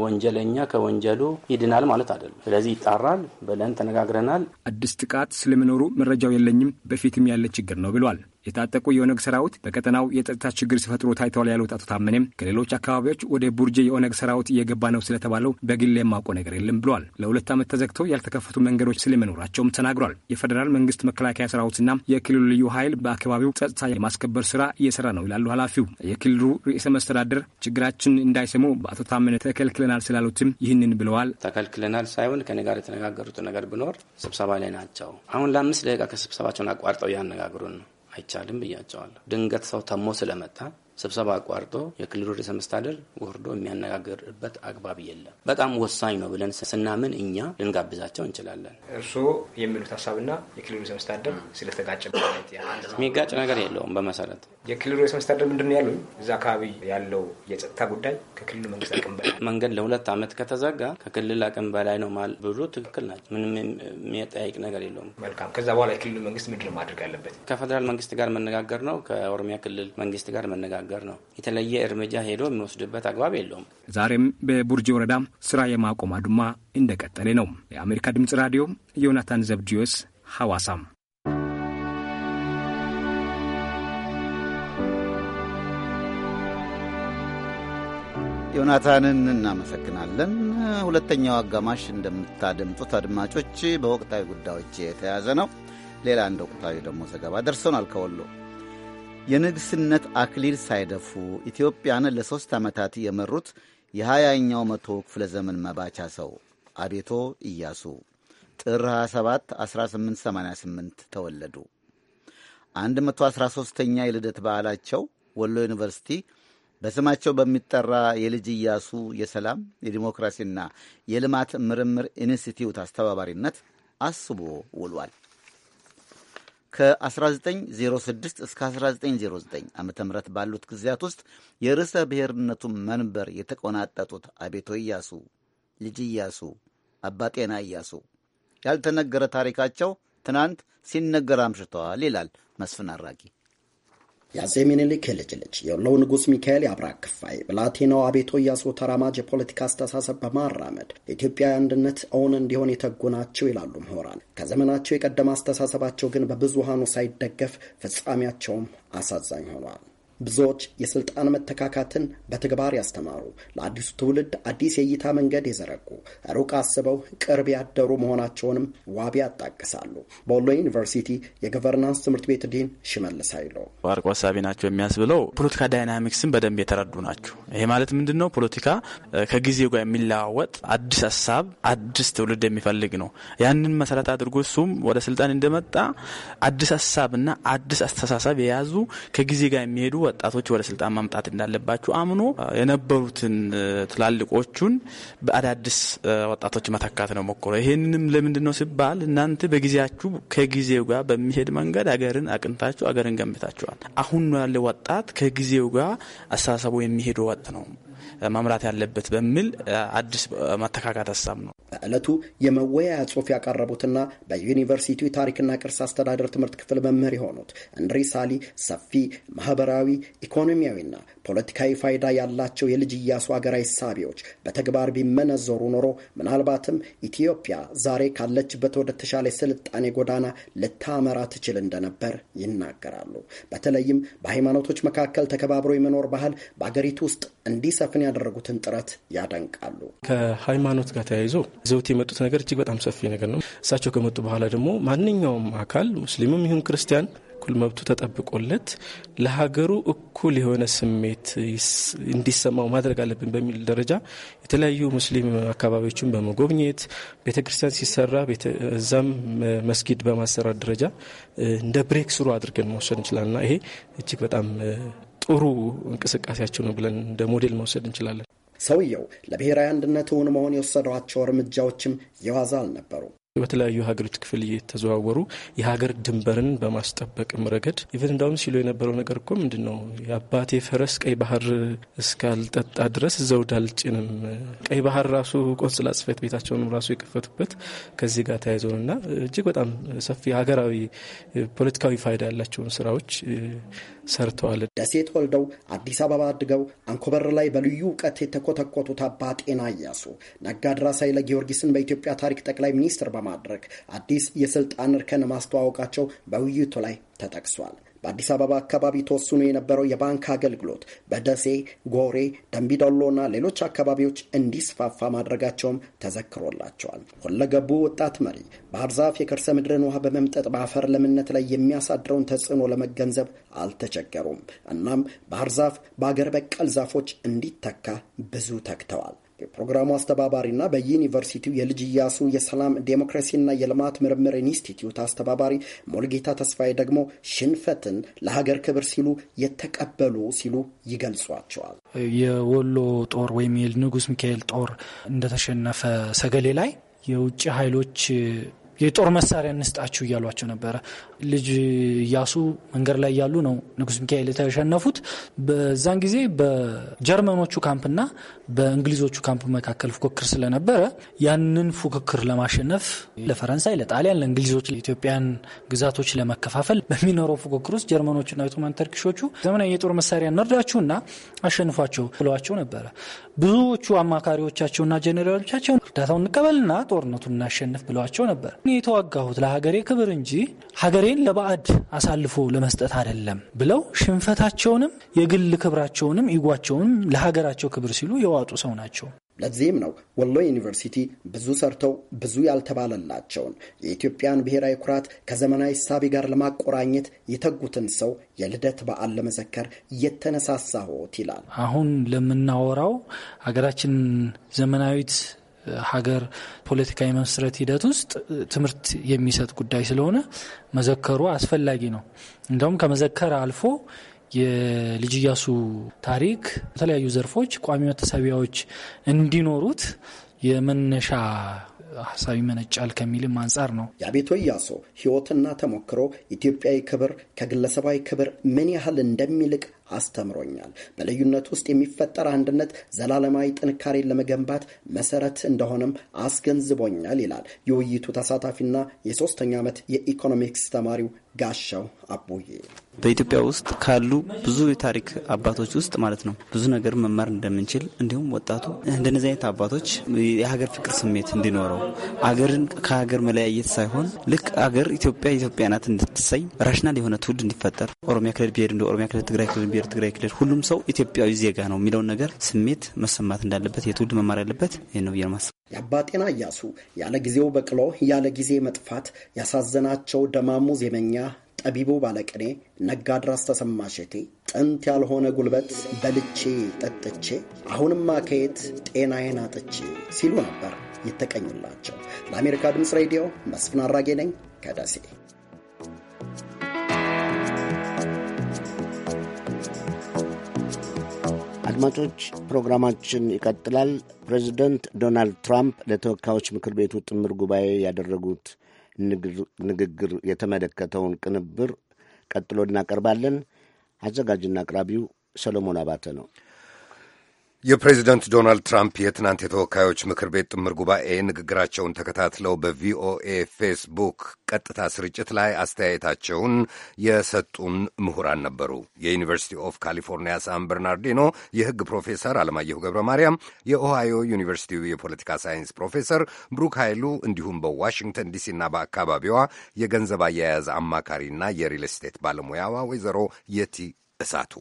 ወንጀለኛ ከወንጀሉ ይድናል ማለት አይደለም። ስለዚህ ይጣራል ብለን ተነጋግረናል። አዲስ ጥቃት ስለመኖሩ መረጃው የለኝም፣ በፊትም ያለ ችግር ነው ብሏል። የታጠቁ የኦነግ ሰራዊት በቀጠናው የጸጥታ ችግር ሲፈጥሮ ታይተዋል ያሉት አቶ ታመኔም ከሌሎች አካባቢዎች ወደ ቡርጄ የኦነግ ሰራዊት እየገባ ነው ስለተባለው በግል የማውቀው ነገር የለም ብሏል። ለሁለት ዓመት ተዘግተው ያልተከፈቱ መንገዶች ስለመኖራቸውም ተናግሯል። የፌዴራል መንግስት መከላከያ ሰራዊትና የክልሉ ልዩ ኃይል በአካባቢው ጸጥታ የማስከበር ስራ እየሰራ ነው ይላሉ ኃላፊው። የክልሉ ርዕሰ መስተዳደር ችግራችን እንዳይሰሙ በአቶ ታመኔ ተከልክ ተከልክለናል ስላሉትም ይህንን ብለዋል። ተከልክለናል ሳይሆን ከኔ ጋር የተነጋገሩት ነገር ቢኖር ስብሰባ ላይ ናቸው። አሁን ለአምስት ደቂቃ ከስብሰባቸውን አቋርጠው ያነጋግሩን አይቻልም ብያቸዋለሁ። ድንገት ሰው ተሞ ስለመጣ ስብሰባ አቋርጦ የክልሉ ርዕሰ መስተዳድር ወርዶ የሚያነጋግርበት አግባብ የለም። በጣም ወሳኝ ነው ብለን ስናምን እኛ ልንጋብዛቸው እንችላለን። እርስዎ የሚሉት ሀሳብና የክልሉ ርዕሰ መስተዳድር ስለተጋጨ የሚጋጭ ነገር የለውም። በመሰረት የክልሉ ርዕሰ መስተዳድር ምንድን ነው ያሉኝ፣ እዛ አካባቢ ያለው የጸጥታ ጉዳይ ከክልሉ መንግስት አቅም በላይ መንገድ ለሁለት ዓመት ከተዘጋ ከክልል አቅም በላይ ነው ማል ብሎ ትክክል ናቸው። ምንም የሚያጠያይቅ ነገር የለውም። መልካም። ከዛ በኋላ የክልሉ መንግስት ምንድን ነው ማድረግ ያለበት? ከፌደራል መንግስት ጋር መነጋገር ነው። ከኦሮሚያ ክልል መንግስት ጋር መነጋገር ነገር ነው። የተለየ እርምጃ ሄዶ የሚወስድበት አግባብ የለውም። ዛሬም በቡርጂ ወረዳ ስራ የማቆም አድማ እንደቀጠለ ነው። የአሜሪካ ድምጽ ራዲዮ፣ ዮናታን ዘብድዮስ ሐዋሳም ዮናታንን እናመሰግናለን። ሁለተኛው አጋማሽ እንደምታደምጡት አድማጮች በወቅታዊ ጉዳዮች የተያዘ ነው። ሌላ አንድ ወቅታዊ ደግሞ ዘገባ ደርሶናል ከወሎ የንግሥነት አክሊል ሳይደፉ ኢትዮጵያን ለሦስት ዓመታት የመሩት የ2ያኛው መቶ ክፍለ ዘመን መባቻ ሰው አቤቶ ኢያሱ ጥር 27 1888 ተወለዱ። 113ኛ የልደት በዓላቸው ወሎ ዩኒቨርሲቲ በስማቸው በሚጠራ የልጅ ኢያሱ የሰላም የዲሞክራሲና የልማት ምርምር ኢንስቲትዩት አስተባባሪነት አስቦ ውሏል። ከ1906 እስከ 1909 ዓ ም ባሉት ጊዜያት ውስጥ የርዕሰ ብሔርነቱን መንበር የተቆናጠጡት አቤቶ እያሱ፣ ልጅ እያሱ፣ አባጤና እያሱ ያልተነገረ ታሪካቸው ትናንት ሲነገር አምሽተዋል ይላል መስፍን አራጌ። የአጼ ምኒልክ ልጅ ልጅ የወሎው ንጉሥ ሚካኤል የአብራክ ክፋይ ብላቴናው አቤቶ እያሱ ተራማጅ የፖለቲካ አስተሳሰብ በማራመድ ኢትዮጵያ አንድነት እውን እንዲሆን የተጉ ናቸው ይላሉ ምሁራን። ከዘመናቸው የቀደመ አስተሳሰባቸው ግን በብዙሃኑ ሳይደገፍ ፍጻሜያቸውም አሳዛኝ ሆኗል። ብዙዎች የስልጣን መተካካትን በተግባር ያስተማሩ፣ ለአዲሱ ትውልድ አዲስ የእይታ መንገድ የዘረጉ፣ ሩቅ አስበው ቅርብ ያደሩ መሆናቸውንም ዋቢ ያጣቅሳሉ። በወሎ ዩኒቨርሲቲ የገቨርናንስ ትምህርት ቤት ዲን ሽመልስ አይለው አርቆ ሀሳቢ ናቸው የሚያስብለው ፖለቲካ ዳይናሚክስን በደንብ የተረዱ ናቸው። ይሄ ማለት ምንድን ነው? ፖለቲካ ከጊዜ ጋር የሚለዋወጥ አዲስ ሀሳብ አዲስ ትውልድ የሚፈልግ ነው። ያንን መሰረት አድርጎ እሱም ወደ ስልጣን እንደመጣ አዲስ ሀሳብና አዲስ አስተሳሰብ የያዙ ከጊዜ ጋር የሚሄዱ ወጣቶች ወደ ስልጣን ማምጣት እንዳለባቸው አምኖ የነበሩትን ትላልቆቹን በአዳዲስ ወጣቶች መተካት ነው ሞክሮ። ይህንንም ለምንድን ነው ሲባል እናንተ በጊዜያችሁ ከጊዜው ጋር በሚሄድ መንገድ አገርን አቅንታችሁ አገርን ገንብታችኋል። አሁን ያለ ወጣት ከጊዜው ጋር አስተሳሰቡ የሚሄዱ ወጥ ነው መምራት ያለበት በሚል አዲስ መተካካት ሀሳብ ነው። በዕለቱ የመወያያ ጽሑፍ ያቀረቡትና በዩኒቨርሲቲው የታሪክና ቅርስ አስተዳደር ትምህርት ክፍል መምህር የሆኑት እንድሪስ አሊ ሰፊ ማህበራዊ ኢኮኖሚያዊና ፖለቲካዊ ፋይዳ ያላቸው የልጅ እያሱ ሀገራዊ ሳቢዎች በተግባር ቢመነዘሩ ኖሮ ምናልባትም ኢትዮጵያ ዛሬ ካለችበት ወደ ተሻለ ስልጣኔ ጎዳና ልታመራ ትችል እንደነበር ይናገራሉ። በተለይም በሃይማኖቶች መካከል ተከባብሮ የመኖር ባህል በአገሪቱ ውስጥ እንዲሰፍን ያደረጉትን ጥረት ያደንቃሉ። ከሃይማኖት ጋር ተያይዞ ዘውት የመጡት ነገር እጅግ በጣም ሰፊ ነገር ነው። እሳቸው ከመጡ በኋላ ደግሞ ማንኛውም አካል ሙስሊምም ይሁን ክርስቲያን እኩል መብቱ ተጠብቆለት ለሀገሩ እኩል የሆነ ስሜት እንዲሰማው ማድረግ አለብን በሚል ደረጃ የተለያዩ ሙስሊም አካባቢዎችን በመጎብኘት ቤተክርስቲያን ሲሰራ እዛም መስጊድ በማሰራት ደረጃ እንደ ብሬክ ስሩ አድርገን መውሰድ ና ይሄ እጅግ በጣም ጥሩ እንቅስቃሴያቸው ነው ብለን እንደ ሞዴል መውሰድ እንችላለን። ሰውየው ለብሔራዊ አንድነት እውን መሆን የወሰዷቸው እርምጃዎችም የዋዛ አልነበሩም። በተለያዩ ሀገሪቱ ክፍል እየተዘዋወሩ የሀገር ድንበርን በማስጠበቅም ረገድ ኢቨን እንዳውም ሲሉ የነበረው ነገር እኮ ምንድን ነው የአባቴ ፈረስ ቀይ ባህር እስካልጠጣ ድረስ ዘውድ አልጭንም። ቀይ ባህር ራሱ ቆንስላ ጽፈት ቤታቸውን ራሱ የከፈቱበት ከዚህ ጋር ተያይዘው እና እጅግ በጣም ሰፊ ሀገራዊ ፖለቲካዊ ፋይዳ ያላቸውን ስራዎች ሰርተዋል። ደሴት ወልደው አዲስ አበባ አድገው አንኮበር ላይ በልዩ እውቀት የተኮተኮቱት አባ ጤና እያሱ ነጋድራስ ኃይለ ጊዮርጊስን በኢትዮጵያ ታሪክ ጠቅላይ ሚኒስትር በማድረግ አዲስ የስልጣን እርከን ማስተዋወቃቸው በውይይቱ ላይ ተጠቅሷል። በአዲስ አበባ አካባቢ ተወስኖ የነበረው የባንክ አገልግሎት በደሴ፣ ጎሬ፣ ደንቢዶሎና ሌሎች አካባቢዎች እንዲስፋፋ ማድረጋቸውም ተዘክሮላቸዋል። ሁለገቡ ወጣት መሪ ባህር ዛፍ የከርሰ ምድርን ውሃ በመምጠጥ በአፈር ለምነት ላይ የሚያሳድረውን ተጽዕኖ ለመገንዘብ አልተቸገሩም። እናም ባህር ዛፍ በአገር በቀል ዛፎች እንዲተካ ብዙ ተግተዋል። የፕሮግራሙ አስተባባሪና በዩኒቨርሲቲው የልጅ እያሱ የሰላም ዴሞክራሲና የልማት ምርምር ኢንስቲትዩት አስተባባሪ ሞልጌታ ተስፋዬ ደግሞ ሽንፈትን ለሀገር ክብር ሲሉ የተቀበሉ ሲሉ ይገልጿቸዋል። የወሎ ጦር ወይም የንጉስ ሚካኤል ጦር እንደተሸነፈ ሰገሌ ላይ የውጭ ኃይሎች የጦር መሳሪያ እንስጣችሁ እያሏቸው ነበረ። ልጅ እያሱ መንገድ ላይ እያሉ ነው ንጉስ ሚካኤል የተሸነፉት። በዛን ጊዜ በጀርመኖቹ ካምፕና በእንግሊዞቹ ካምፕ መካከል ፉክክር ስለነበረ ያንን ፉክክር ለማሸነፍ ለፈረንሳይ፣ ለጣሊያን፣ ለእንግሊዞች ኢትዮጵያን ግዛቶች ለመከፋፈል በሚኖረው ፉክክር ውስጥ ጀርመኖቹና ኦቶማን ተርኪሾቹ ዘመናዊ የጦር መሳሪያ እንርዳችሁና አሸንፏቸው ብለዋቸው ነበረ። ብዙዎቹ አማካሪዎቻቸውና ጄኔራሎቻቸው እርዳታው እንቀበልና ጦርነቱን እናሸንፍ ብለዋቸው ነበር። የተዋጋሁት ለሀገሬ ክብር እንጂ ሀገሬን ለባዕድ አሳልፎ ለመስጠት አይደለም ብለው ሽንፈታቸውንም የግል ክብራቸውንም ኢጓቸውንም ለሀገራቸው ክብር ሲሉ የዋጡ ሰው ናቸው። ለዚህም ነው ወሎ ዩኒቨርሲቲ ብዙ ሰርተው ብዙ ያልተባለላቸውን የኢትዮጵያን ብሔራዊ ኩራት ከዘመናዊ ሳቢ ጋር ለማቆራኘት የተጉትን ሰው የልደት በዓል ለመዘከር የተነሳሳሁት ይላል። አሁን ለምናወራው ሀገራችን ዘመናዊት ሀገር ፖለቲካዊ መመስረት ሂደት ውስጥ ትምህርት የሚሰጥ ጉዳይ ስለሆነ መዘከሩ አስፈላጊ ነው። እንደውም ከመዘከር አልፎ የልጅ ኢያሱ ታሪክ በተለያዩ ዘርፎች ቋሚ መታሰቢያዎች እንዲኖሩት የመነሻ ሀሳብ ይመነጫል ከሚልም አንጻር ነው። የአቤቶ እያሶ ህይወትና ተሞክሮ ኢትዮጵያዊ ክብር ከግለሰባዊ ክብር ምን ያህል እንደሚልቅ አስተምሮኛል። በልዩነት ውስጥ የሚፈጠር አንድነት ዘላለማዊ ጥንካሬን ለመገንባት መሰረት እንደሆነም አስገንዝቦኛል ይላል የውይይቱ ተሳታፊና የሶስተኛ ዓመት የኢኮኖሚክስ ተማሪው ጋሻው አቦዬ። በኢትዮጵያ ውስጥ ካሉ ብዙ የታሪክ አባቶች ውስጥ ማለት ነው ብዙ ነገር መማር እንደምንችል እንዲሁም ወጣቱ እንደነዚህ አይነት አባቶች የሀገር ፍቅር ስሜት እንዲኖረው አገርን ከሀገር መለያየት ሳይሆን ልክ አገር ኢትዮጵያ ኢትዮጵያ ናት እንድትሰኝ ራሽናል የሆነ ትውልድ እንዲፈጠር ኦሮሚያ ክልል ብሄር እንደ ኦሮሚያ ክልል፣ ትግራይ ክልል ብሄር፣ ትግራይ ክልል፣ ሁሉም ሰው ኢትዮጵያዊ ዜጋ ነው የሚለውን ነገር ስሜት መሰማት እንዳለበት የትውልድ መማር ያለበት ይህ ነው ብዬ ማስብ የአባ ጤና እያሱ ያለ ጊዜው በቅሎ ያለ ጊዜ መጥፋት ያሳዘናቸው ደማሙ ዜመኛ ጠቢቡ ባለቅኔ ነጋድራስ ተሰማ ሸቴ ጥንት ያልሆነ ጉልበት በልቼ ጠጥቼ አሁንማ ከየት ጤናዬን አጥቼ ሲሉ ነበር ይተቀኙላቸው። ለአሜሪካ ድምፅ ሬዲዮ መስፍን አራጌ ነኝ ከደሴ። አድማጮች ፕሮግራማችን ይቀጥላል። ፕሬዚደንት ዶናልድ ትራምፕ ለተወካዮች ምክር ቤቱ ጥምር ጉባኤ ያደረጉት ንግግር የተመለከተውን ቅንብር ቀጥሎ እናቀርባለን። አዘጋጅና አቅራቢው ሰሎሞን አባተ ነው። የፕሬዚደንት ዶናልድ ትራምፕ የትናንት የተወካዮች ምክር ቤት ጥምር ጉባኤ ንግግራቸውን ተከታትለው በቪኦኤ ፌስቡክ ቀጥታ ስርጭት ላይ አስተያየታቸውን የሰጡን ምሁራን ነበሩ። የዩኒቨርሲቲ ኦፍ ካሊፎርኒያ ሳን በርናርዲኖ የሕግ ፕሮፌሰር አለማየሁ ገብረ ማርያም፣ የኦሃዮ ዩኒቨርሲቲ የፖለቲካ ሳይንስ ፕሮፌሰር ብሩክ ኃይሉ እንዲሁም በዋሽንግተን ዲሲና በአካባቢዋ የገንዘብ አያያዝ አማካሪና የሪል ስቴት ባለሙያዋ ወይዘሮ የቲ እሳቱ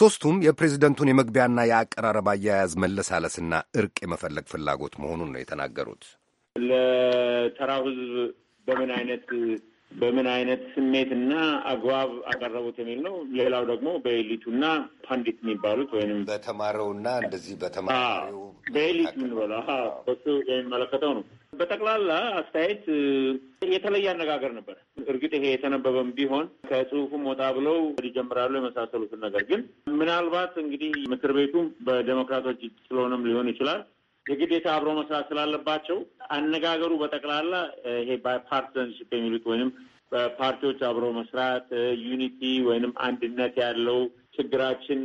ሦስቱም የፕሬዚደንቱን የመግቢያና የአቀራረብ አያያዝ መለሳለስና እርቅ የመፈለግ ፍላጎት መሆኑን ነው የተናገሩት። ለተራው ህዝብ በምን አይነት በምን አይነት ስሜትና አግባብ አቀረቡት የሚል ነው። ሌላው ደግሞ በኤሊቱና ፓንዲት የሚባሉት ወይም በተማረውና እንደዚህ በተማረው በኤሊት ምንበለው እሱ የሚመለከተው ነው። በጠቅላላ አስተያየት የተለየ አነጋገር ነበር። እርግጥ ይሄ የተነበበም ቢሆን ከጽሁፉም ወጣ ብለው ይጀምራሉ የመሳሰሉትን ነገር ግን ምናልባት እንግዲህ ምክር ቤቱ በዴሞክራቶች ስለሆነም ሊሆን ይችላል የግዴታ አብሮ መስራት ስላለባቸው አነጋገሩ በጠቅላላ ይሄ ፓርትነርሽፕ የሚሉት ወይም ፓርቲዎች አብሮ መስራት ዩኒቲ ወይንም አንድነት ያለው ችግራችን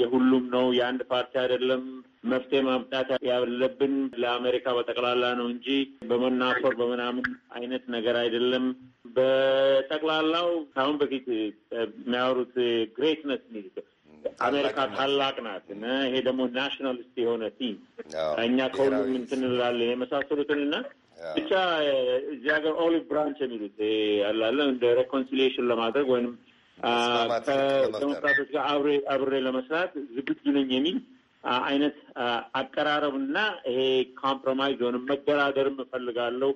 የሁሉም ነው፣ የአንድ ፓርቲ አይደለም። መፍትሄ ማምጣት ያለብን ለአሜሪካ በጠቅላላ ነው እንጂ በመናፈር በምናምን አይነት ነገር አይደለም። በጠቅላላው ከአሁን በፊት የሚያወሩት ግሬትነስ ሚል አሜሪካ ታላቅ ናት። ይሄ ደግሞ ናሽናሊስት የሆነ ቲም እኛ ከሁሉም እንትን እንላለን የመሳሰሉትን እና ብቻ እዚህ ሀገር ኦሊቭ ብራንች የሚሉት አላለ እንደ ሬኮንሲሊሽን ለማድረግ ወይም ከዴሞክራቶች ጋር አብሬ አብሬ ለመስራት ዝግጁ ነኝ የሚል አይነት አቀራረብና ይሄ ኮምፕሮማይዝ የሆነ መደራደርም እፈልጋለሁ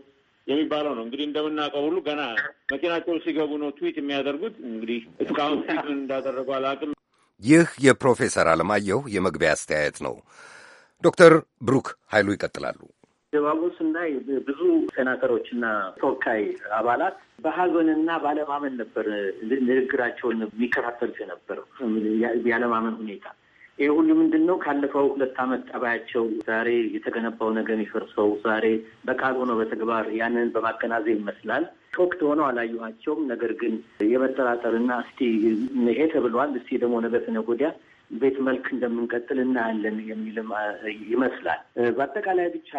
የሚባለው ነው። እንግዲህ እንደምናውቀው ሁሉ ገና መኪናቸው ሲገቡ ነው ትዊት የሚያደርጉት። እንግዲህ እስካሁን እንዳደረጉ አላውቅም። ይህ የፕሮፌሰር አለማየሁ የመግቢያ አስተያየት ነው። ዶክተር ብሩክ ኃይሉ ይቀጥላሉ። ድባቡ ስናይ ብዙ ሴናተሮችና ተወካይ አባላት በሀዘንና ባለማመን ነበር ንግግራቸውን የሚከታተሉት የነበረው ያለማመን ሁኔታ ይህ ሁሉ ምንድን ነው? ካለፈው ሁለት ዓመት ጠባያቸው ዛሬ የተገነባው ነገ የሚፈርሰው ዛሬ በቃል ሆኖ በተግባር ያንን በማገናዘብ ይመስላል። ሾክት ሆነው አላየኋቸውም። ነገር ግን የመጠራጠርና እስቲ ይሄ ተብለዋል፣ እስቲ ደግሞ ነገ ተነገ ወዲያ ቤት መልክ እንደምንቀጥል እናያለን የሚልም ይመስላል። በአጠቃላይ ብቻ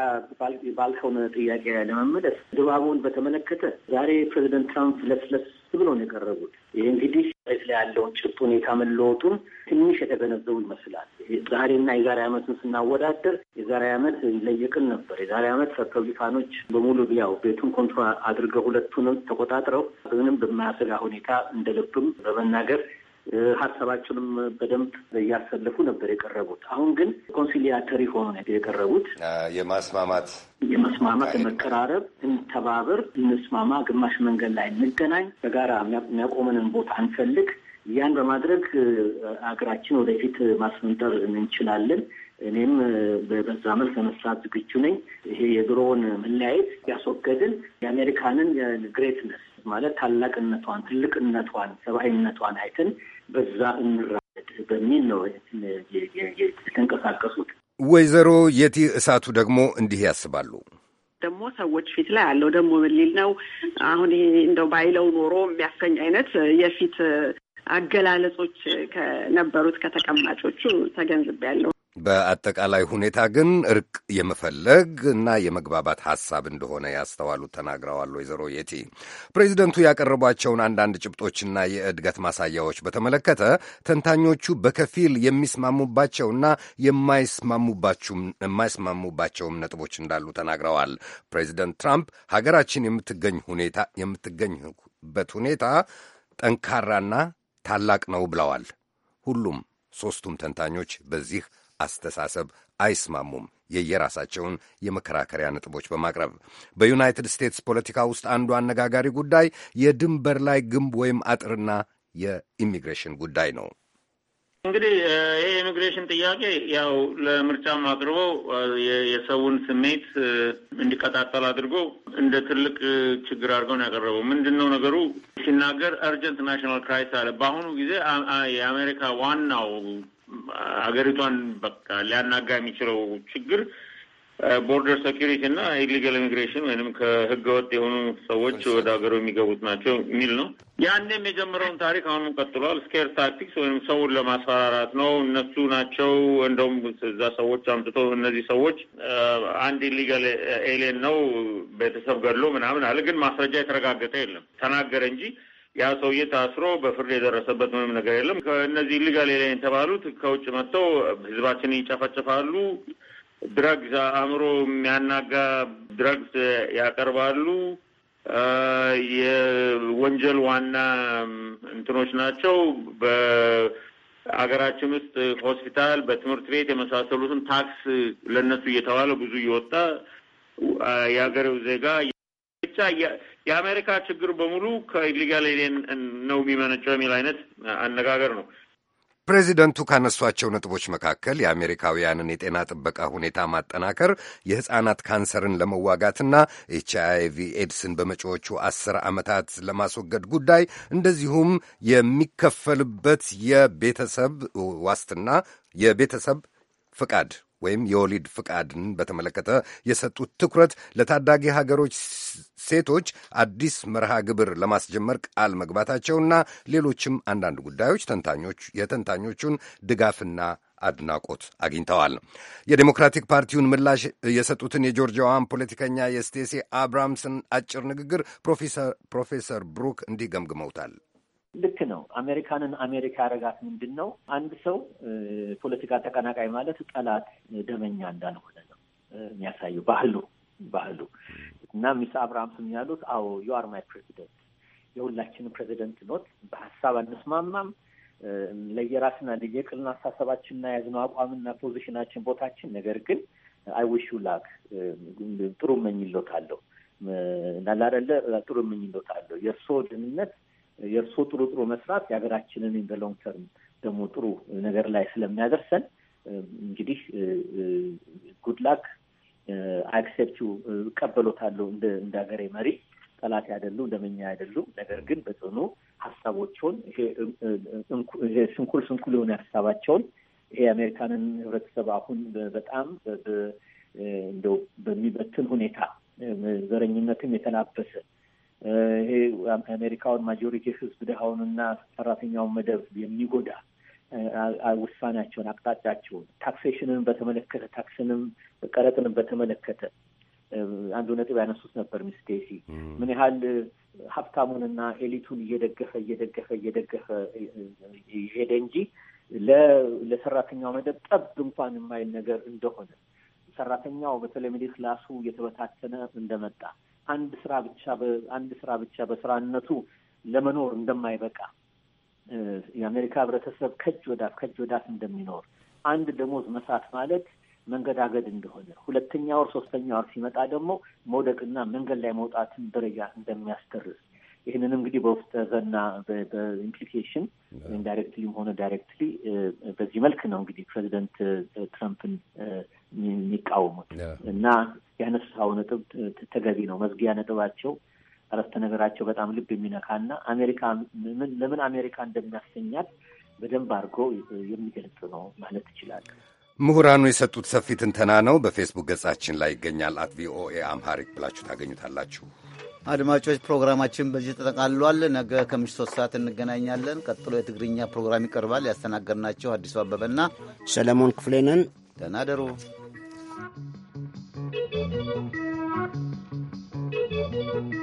ባልከውን ጥያቄ ለመመለስ ድባቡን በተመለከተ ዛሬ ፕሬዚደንት ትራምፕ ለስለስ ብሎ ነው የቀረቡት። ይህ እንግዲህ ሬት ላይ ያለውን ጭብጥ ሁኔታ መለወጡን ትንሽ የተገነዘቡ ይመስላል። ዛሬና የዛሬ ዓመትን ስናወዳደር የዛሬ ዓመት ይለየቅን ነበር። የዛሬ ዓመት ሪፐብሊካኖች በሙሉ ያው ቤቱን ኮንትሮል አድርገው ሁለቱንም ተቆጣጥረው ምንም በማያሰጋ ሁኔታ እንደ ልብም በመናገር ሀሳባቸውንም በደንብ እያሰለፉ ነበር የቀረቡት። አሁን ግን ኮንሲሊያተሪ ሆኖ ነው የቀረቡት። የማስማማት የመስማማት የመቀራረብ፣ እንተባበር፣ እንስማማ፣ ግማሽ መንገድ ላይ እንገናኝ፣ በጋራ የሚያቆመንን ቦታ እንፈልግ። ያን በማድረግ ሀገራችን ወደፊት ማስመንጠር እንችላለን። እኔም በዛ መልክ ለመስራት ዝግጁ ነኝ። ይሄ የድሮውን መለያየት ያስወገድን የአሜሪካንን ግሬትነስ ማለት ታላቅነቷን፣ ትልቅነቷን፣ ሰብአዊነቷን አይተን በዛ እንራመድ በሚል ነው የተንቀሳቀሱት። ወይዘሮ የቲ እሳቱ ደግሞ እንዲህ ያስባሉ። ደግሞ ሰዎች ፊት ላይ አለው ደግሞ ምሊል ነው አሁን ይሄ እንደው ባይለው ኖሮ የሚያሰኝ አይነት የፊት አገላለጾች ከነበሩት ከተቀማጮቹ ተገንዝቤያለሁ። በአጠቃላይ ሁኔታ ግን እርቅ የመፈለግ እና የመግባባት ሐሳብ እንደሆነ ያስተዋሉት ተናግረዋል ወይዘሮ የቲ። ፕሬዚደንቱ ያቀረቧቸውን አንዳንድ ጭብጦችና የእድገት ማሳያዎች በተመለከተ ተንታኞቹ በከፊል የሚስማሙባቸውና የማይስማሙባቸውም ነጥቦች እንዳሉ ተናግረዋል። ፕሬዚደንት ትራምፕ ሀገራችን የምትገኝ ሁኔታ የምትገኝበት ሁኔታ ጠንካራና ታላቅ ነው ብለዋል። ሁሉም ሦስቱም ተንታኞች በዚህ አስተሳሰብ አይስማሙም የየራሳቸውን የመከራከሪያ ነጥቦች በማቅረብ በዩናይትድ ስቴትስ ፖለቲካ ውስጥ አንዱ አነጋጋሪ ጉዳይ የድንበር ላይ ግንብ ወይም አጥርና የኢሚግሬሽን ጉዳይ ነው። እንግዲህ ይሄ የኢሚግሬሽን ጥያቄ ያው ለምርጫም አቅርቦ የሰውን ስሜት እንዲቀጣጠል አድርጎ እንደ ትልቅ ችግር አድርገው ነው ያቀረበው። ምንድን ነው ነገሩ ሲናገር አርጀንት ናሽናል ክራይስ አለ። በአሁኑ ጊዜ የአሜሪካ ዋናው ሀገሪቷን በቃ ሊያናጋ የሚችለው ችግር ቦርደር ሴኪሪቲ እና ኢሊጋል ኢሚግሬሽን ወይም ከህገወጥ የሆኑ ሰዎች ወደ ሀገሩ የሚገቡት ናቸው የሚል ነው። ያንም የጀመረውን ታሪክ አሁንም ቀጥሏል። ስኬር ታክቲክስ ወይም ሰውን ለማስፈራራት ነው። እነሱ ናቸው እንደውም እዛ ሰዎች አምጥቶ እነዚህ ሰዎች አንድ ኢሊጋል ኤሌን ነው ቤተሰብ ገድሎ ምናምን አለ። ግን ማስረጃ የተረጋገጠ የለም ተናገረ እንጂ ያ ሰውዬ ታስሮ በፍርድ የደረሰበት ምንም ነገር የለም። ከእነዚህ ኢሊጋል ኤሊየን የተባሉት ከውጭ መጥተው ህዝባችን ይጨፈጭፋሉ፣ ድረግስ፣ አእምሮ የሚያናጋ ድረግስ ያቀርባሉ። የወንጀል ዋና እንትኖች ናቸው። በአገራችን ውስጥ ሆስፒታል፣ በትምህርት ቤት የመሳሰሉትን ታክስ ለእነሱ እየተባለ ብዙ እየወጣ የሀገሬው ዜጋ ብቻ የአሜሪካ ችግር በሙሉ ከኢሊጋል ኤሊየን ነው የሚመነጨው የሚል አይነት አነጋገር ነው። ፕሬዚደንቱ ካነሷቸው ነጥቦች መካከል የአሜሪካውያንን የጤና ጥበቃ ሁኔታ ማጠናከር፣ የሕፃናት ካንሰርን ለመዋጋትና ኤች አይቪ ኤድስን በመጪዎቹ አስር ዓመታት ለማስወገድ ጉዳይ እንደዚሁም የሚከፈልበት የቤተሰብ ዋስትና የቤተሰብ ፍቃድ ወይም የወሊድ ፍቃድን በተመለከተ የሰጡት ትኩረት ለታዳጊ ሀገሮች ሴቶች አዲስ መርሃ ግብር ለማስጀመር ቃል መግባታቸውና ሌሎችም አንዳንድ ጉዳዮች ተንታኞች የተንታኞቹን ድጋፍና አድናቆት አግኝተዋል። የዴሞክራቲክ ፓርቲውን ምላሽ የሰጡትን የጆርጂያዋን ፖለቲከኛ የስቴሲ አብራምስን አጭር ንግግር ፕሮፌሰር ብሩክ እንዲህ ገምግመውታል። ልክ ነው። አሜሪካንን አሜሪካ ያደረጋት ምንድን ነው? አንድ ሰው ፖለቲካ ተቀናቃይ ማለት ጠላት፣ ደመኛ እንዳልሆነ ነው የሚያሳየው ባህሉ ባህሉ እና ሚስ አብርሃምስም ያሉት አዎ ዩ አር ማይ ፕሬዚደንት የሁላችን ፕሬዚደንት ኖት። በሀሳብ አንስማማም። ለየራስና ለየቅልና ሀሳሰባችንና የያዝነው አቋምና ፖዚሽናችን ቦታችን፣ ነገር ግን አይዊሹ ላክ ጥሩ መኝሎታለሁ እና ላደለ ጥሩ መኝሎታለሁ የእርስዎ ደህንነት የእርሶ ጥሩ ጥሩ መስራት የሀገራችንን በሎንግ ተርም ደግሞ ጥሩ ነገር ላይ ስለሚያደርሰን እንግዲህ ጉድ ላክ አክሴፕት ዩ እቀበሎታለሁ። እንደ ሀገሬ መሪ ጠላት አይደሉም፣ እንደመኛ አይደሉም። ነገር ግን በጽኑ ሀሳቦቸውን ይሄ ስንኩል ስንኩል የሆነ ሀሳባቸውን ይሄ የአሜሪካንን ህብረተሰብ አሁን በጣም እንደው በሚበትን ሁኔታ ዘረኝነትም የተላበሰ ይሄ የአሜሪካውን ማጆሪቲ ህዝብ ድሀውንና ሰራተኛውን መደብ የሚጎዳ ውሳኔያቸውን፣ አቅጣጫቸውን ታክሴሽንን በተመለከተ ታክስንም ቀረጥንም በተመለከተ አንዱ ነጥብ ያነሱት ነበር ሚስቴሲ ምን ያህል ሀብታሙንና ኤሊቱን እየደገፈ እየደገፈ እየደገፈ ይሄደ እንጂ ለሰራተኛው መደብ ጠብ እንኳን የማይል ነገር እንደሆነ ሰራተኛው በተለይ ሚድል ክላሱ እየተበታተነ እንደመጣ አንድ ስራ ብቻ አንድ ስራ ብቻ በስራነቱ ለመኖር እንደማይበቃ የአሜሪካ ህብረተሰብ ከእጅ ወዳፍ ከእጅ ወዳፍ እንደሚኖር አንድ ደሞዝ መሳት ማለት መንገዳገድ እንደሆነ ሁለተኛ ወር ሶስተኛ ወር ሲመጣ ደግሞ መውደቅና መንገድ ላይ መውጣትን ደረጃ እንደሚያስደርስ ይህንን እንግዲህ በውስጠ ዘና በኢምፕሊኬሽን ወይም ዳይሬክትሊም ሆነ ዳይሬክትሊ በዚህ መልክ ነው እንግዲህ ፕሬዚደንት ትራምፕን የሚቃወሙት እና ያነሳው ነጥብ ተገቢ ነው። መዝጊያ ነጥባቸው አረፍተ ነገራቸው በጣም ልብ የሚነካ እና አሜሪካ ለምን አሜሪካ እንደሚያሰኛት በደንብ አድርጎ የሚገልጽ ነው ማለት ይችላል። ምሁራኑ የሰጡት ሰፊ ትንተና ነው። በፌስቡክ ገጻችን ላይ ይገኛል። አት ቪኦኤ አምሃሪክ ብላችሁ ታገኙታላችሁ። አድማጮች፣ ፕሮግራማችን በዚህ ተጠቃልሏል። ነገ ከምሽቱ ሶስት ሰዓት እንገናኛለን። ቀጥሎ የትግርኛ ፕሮግራም ይቀርባል። ያስተናገድናቸው አዲሱ አበበና ሰለሞን ክፍሌ ነን። nadaro. Thank you.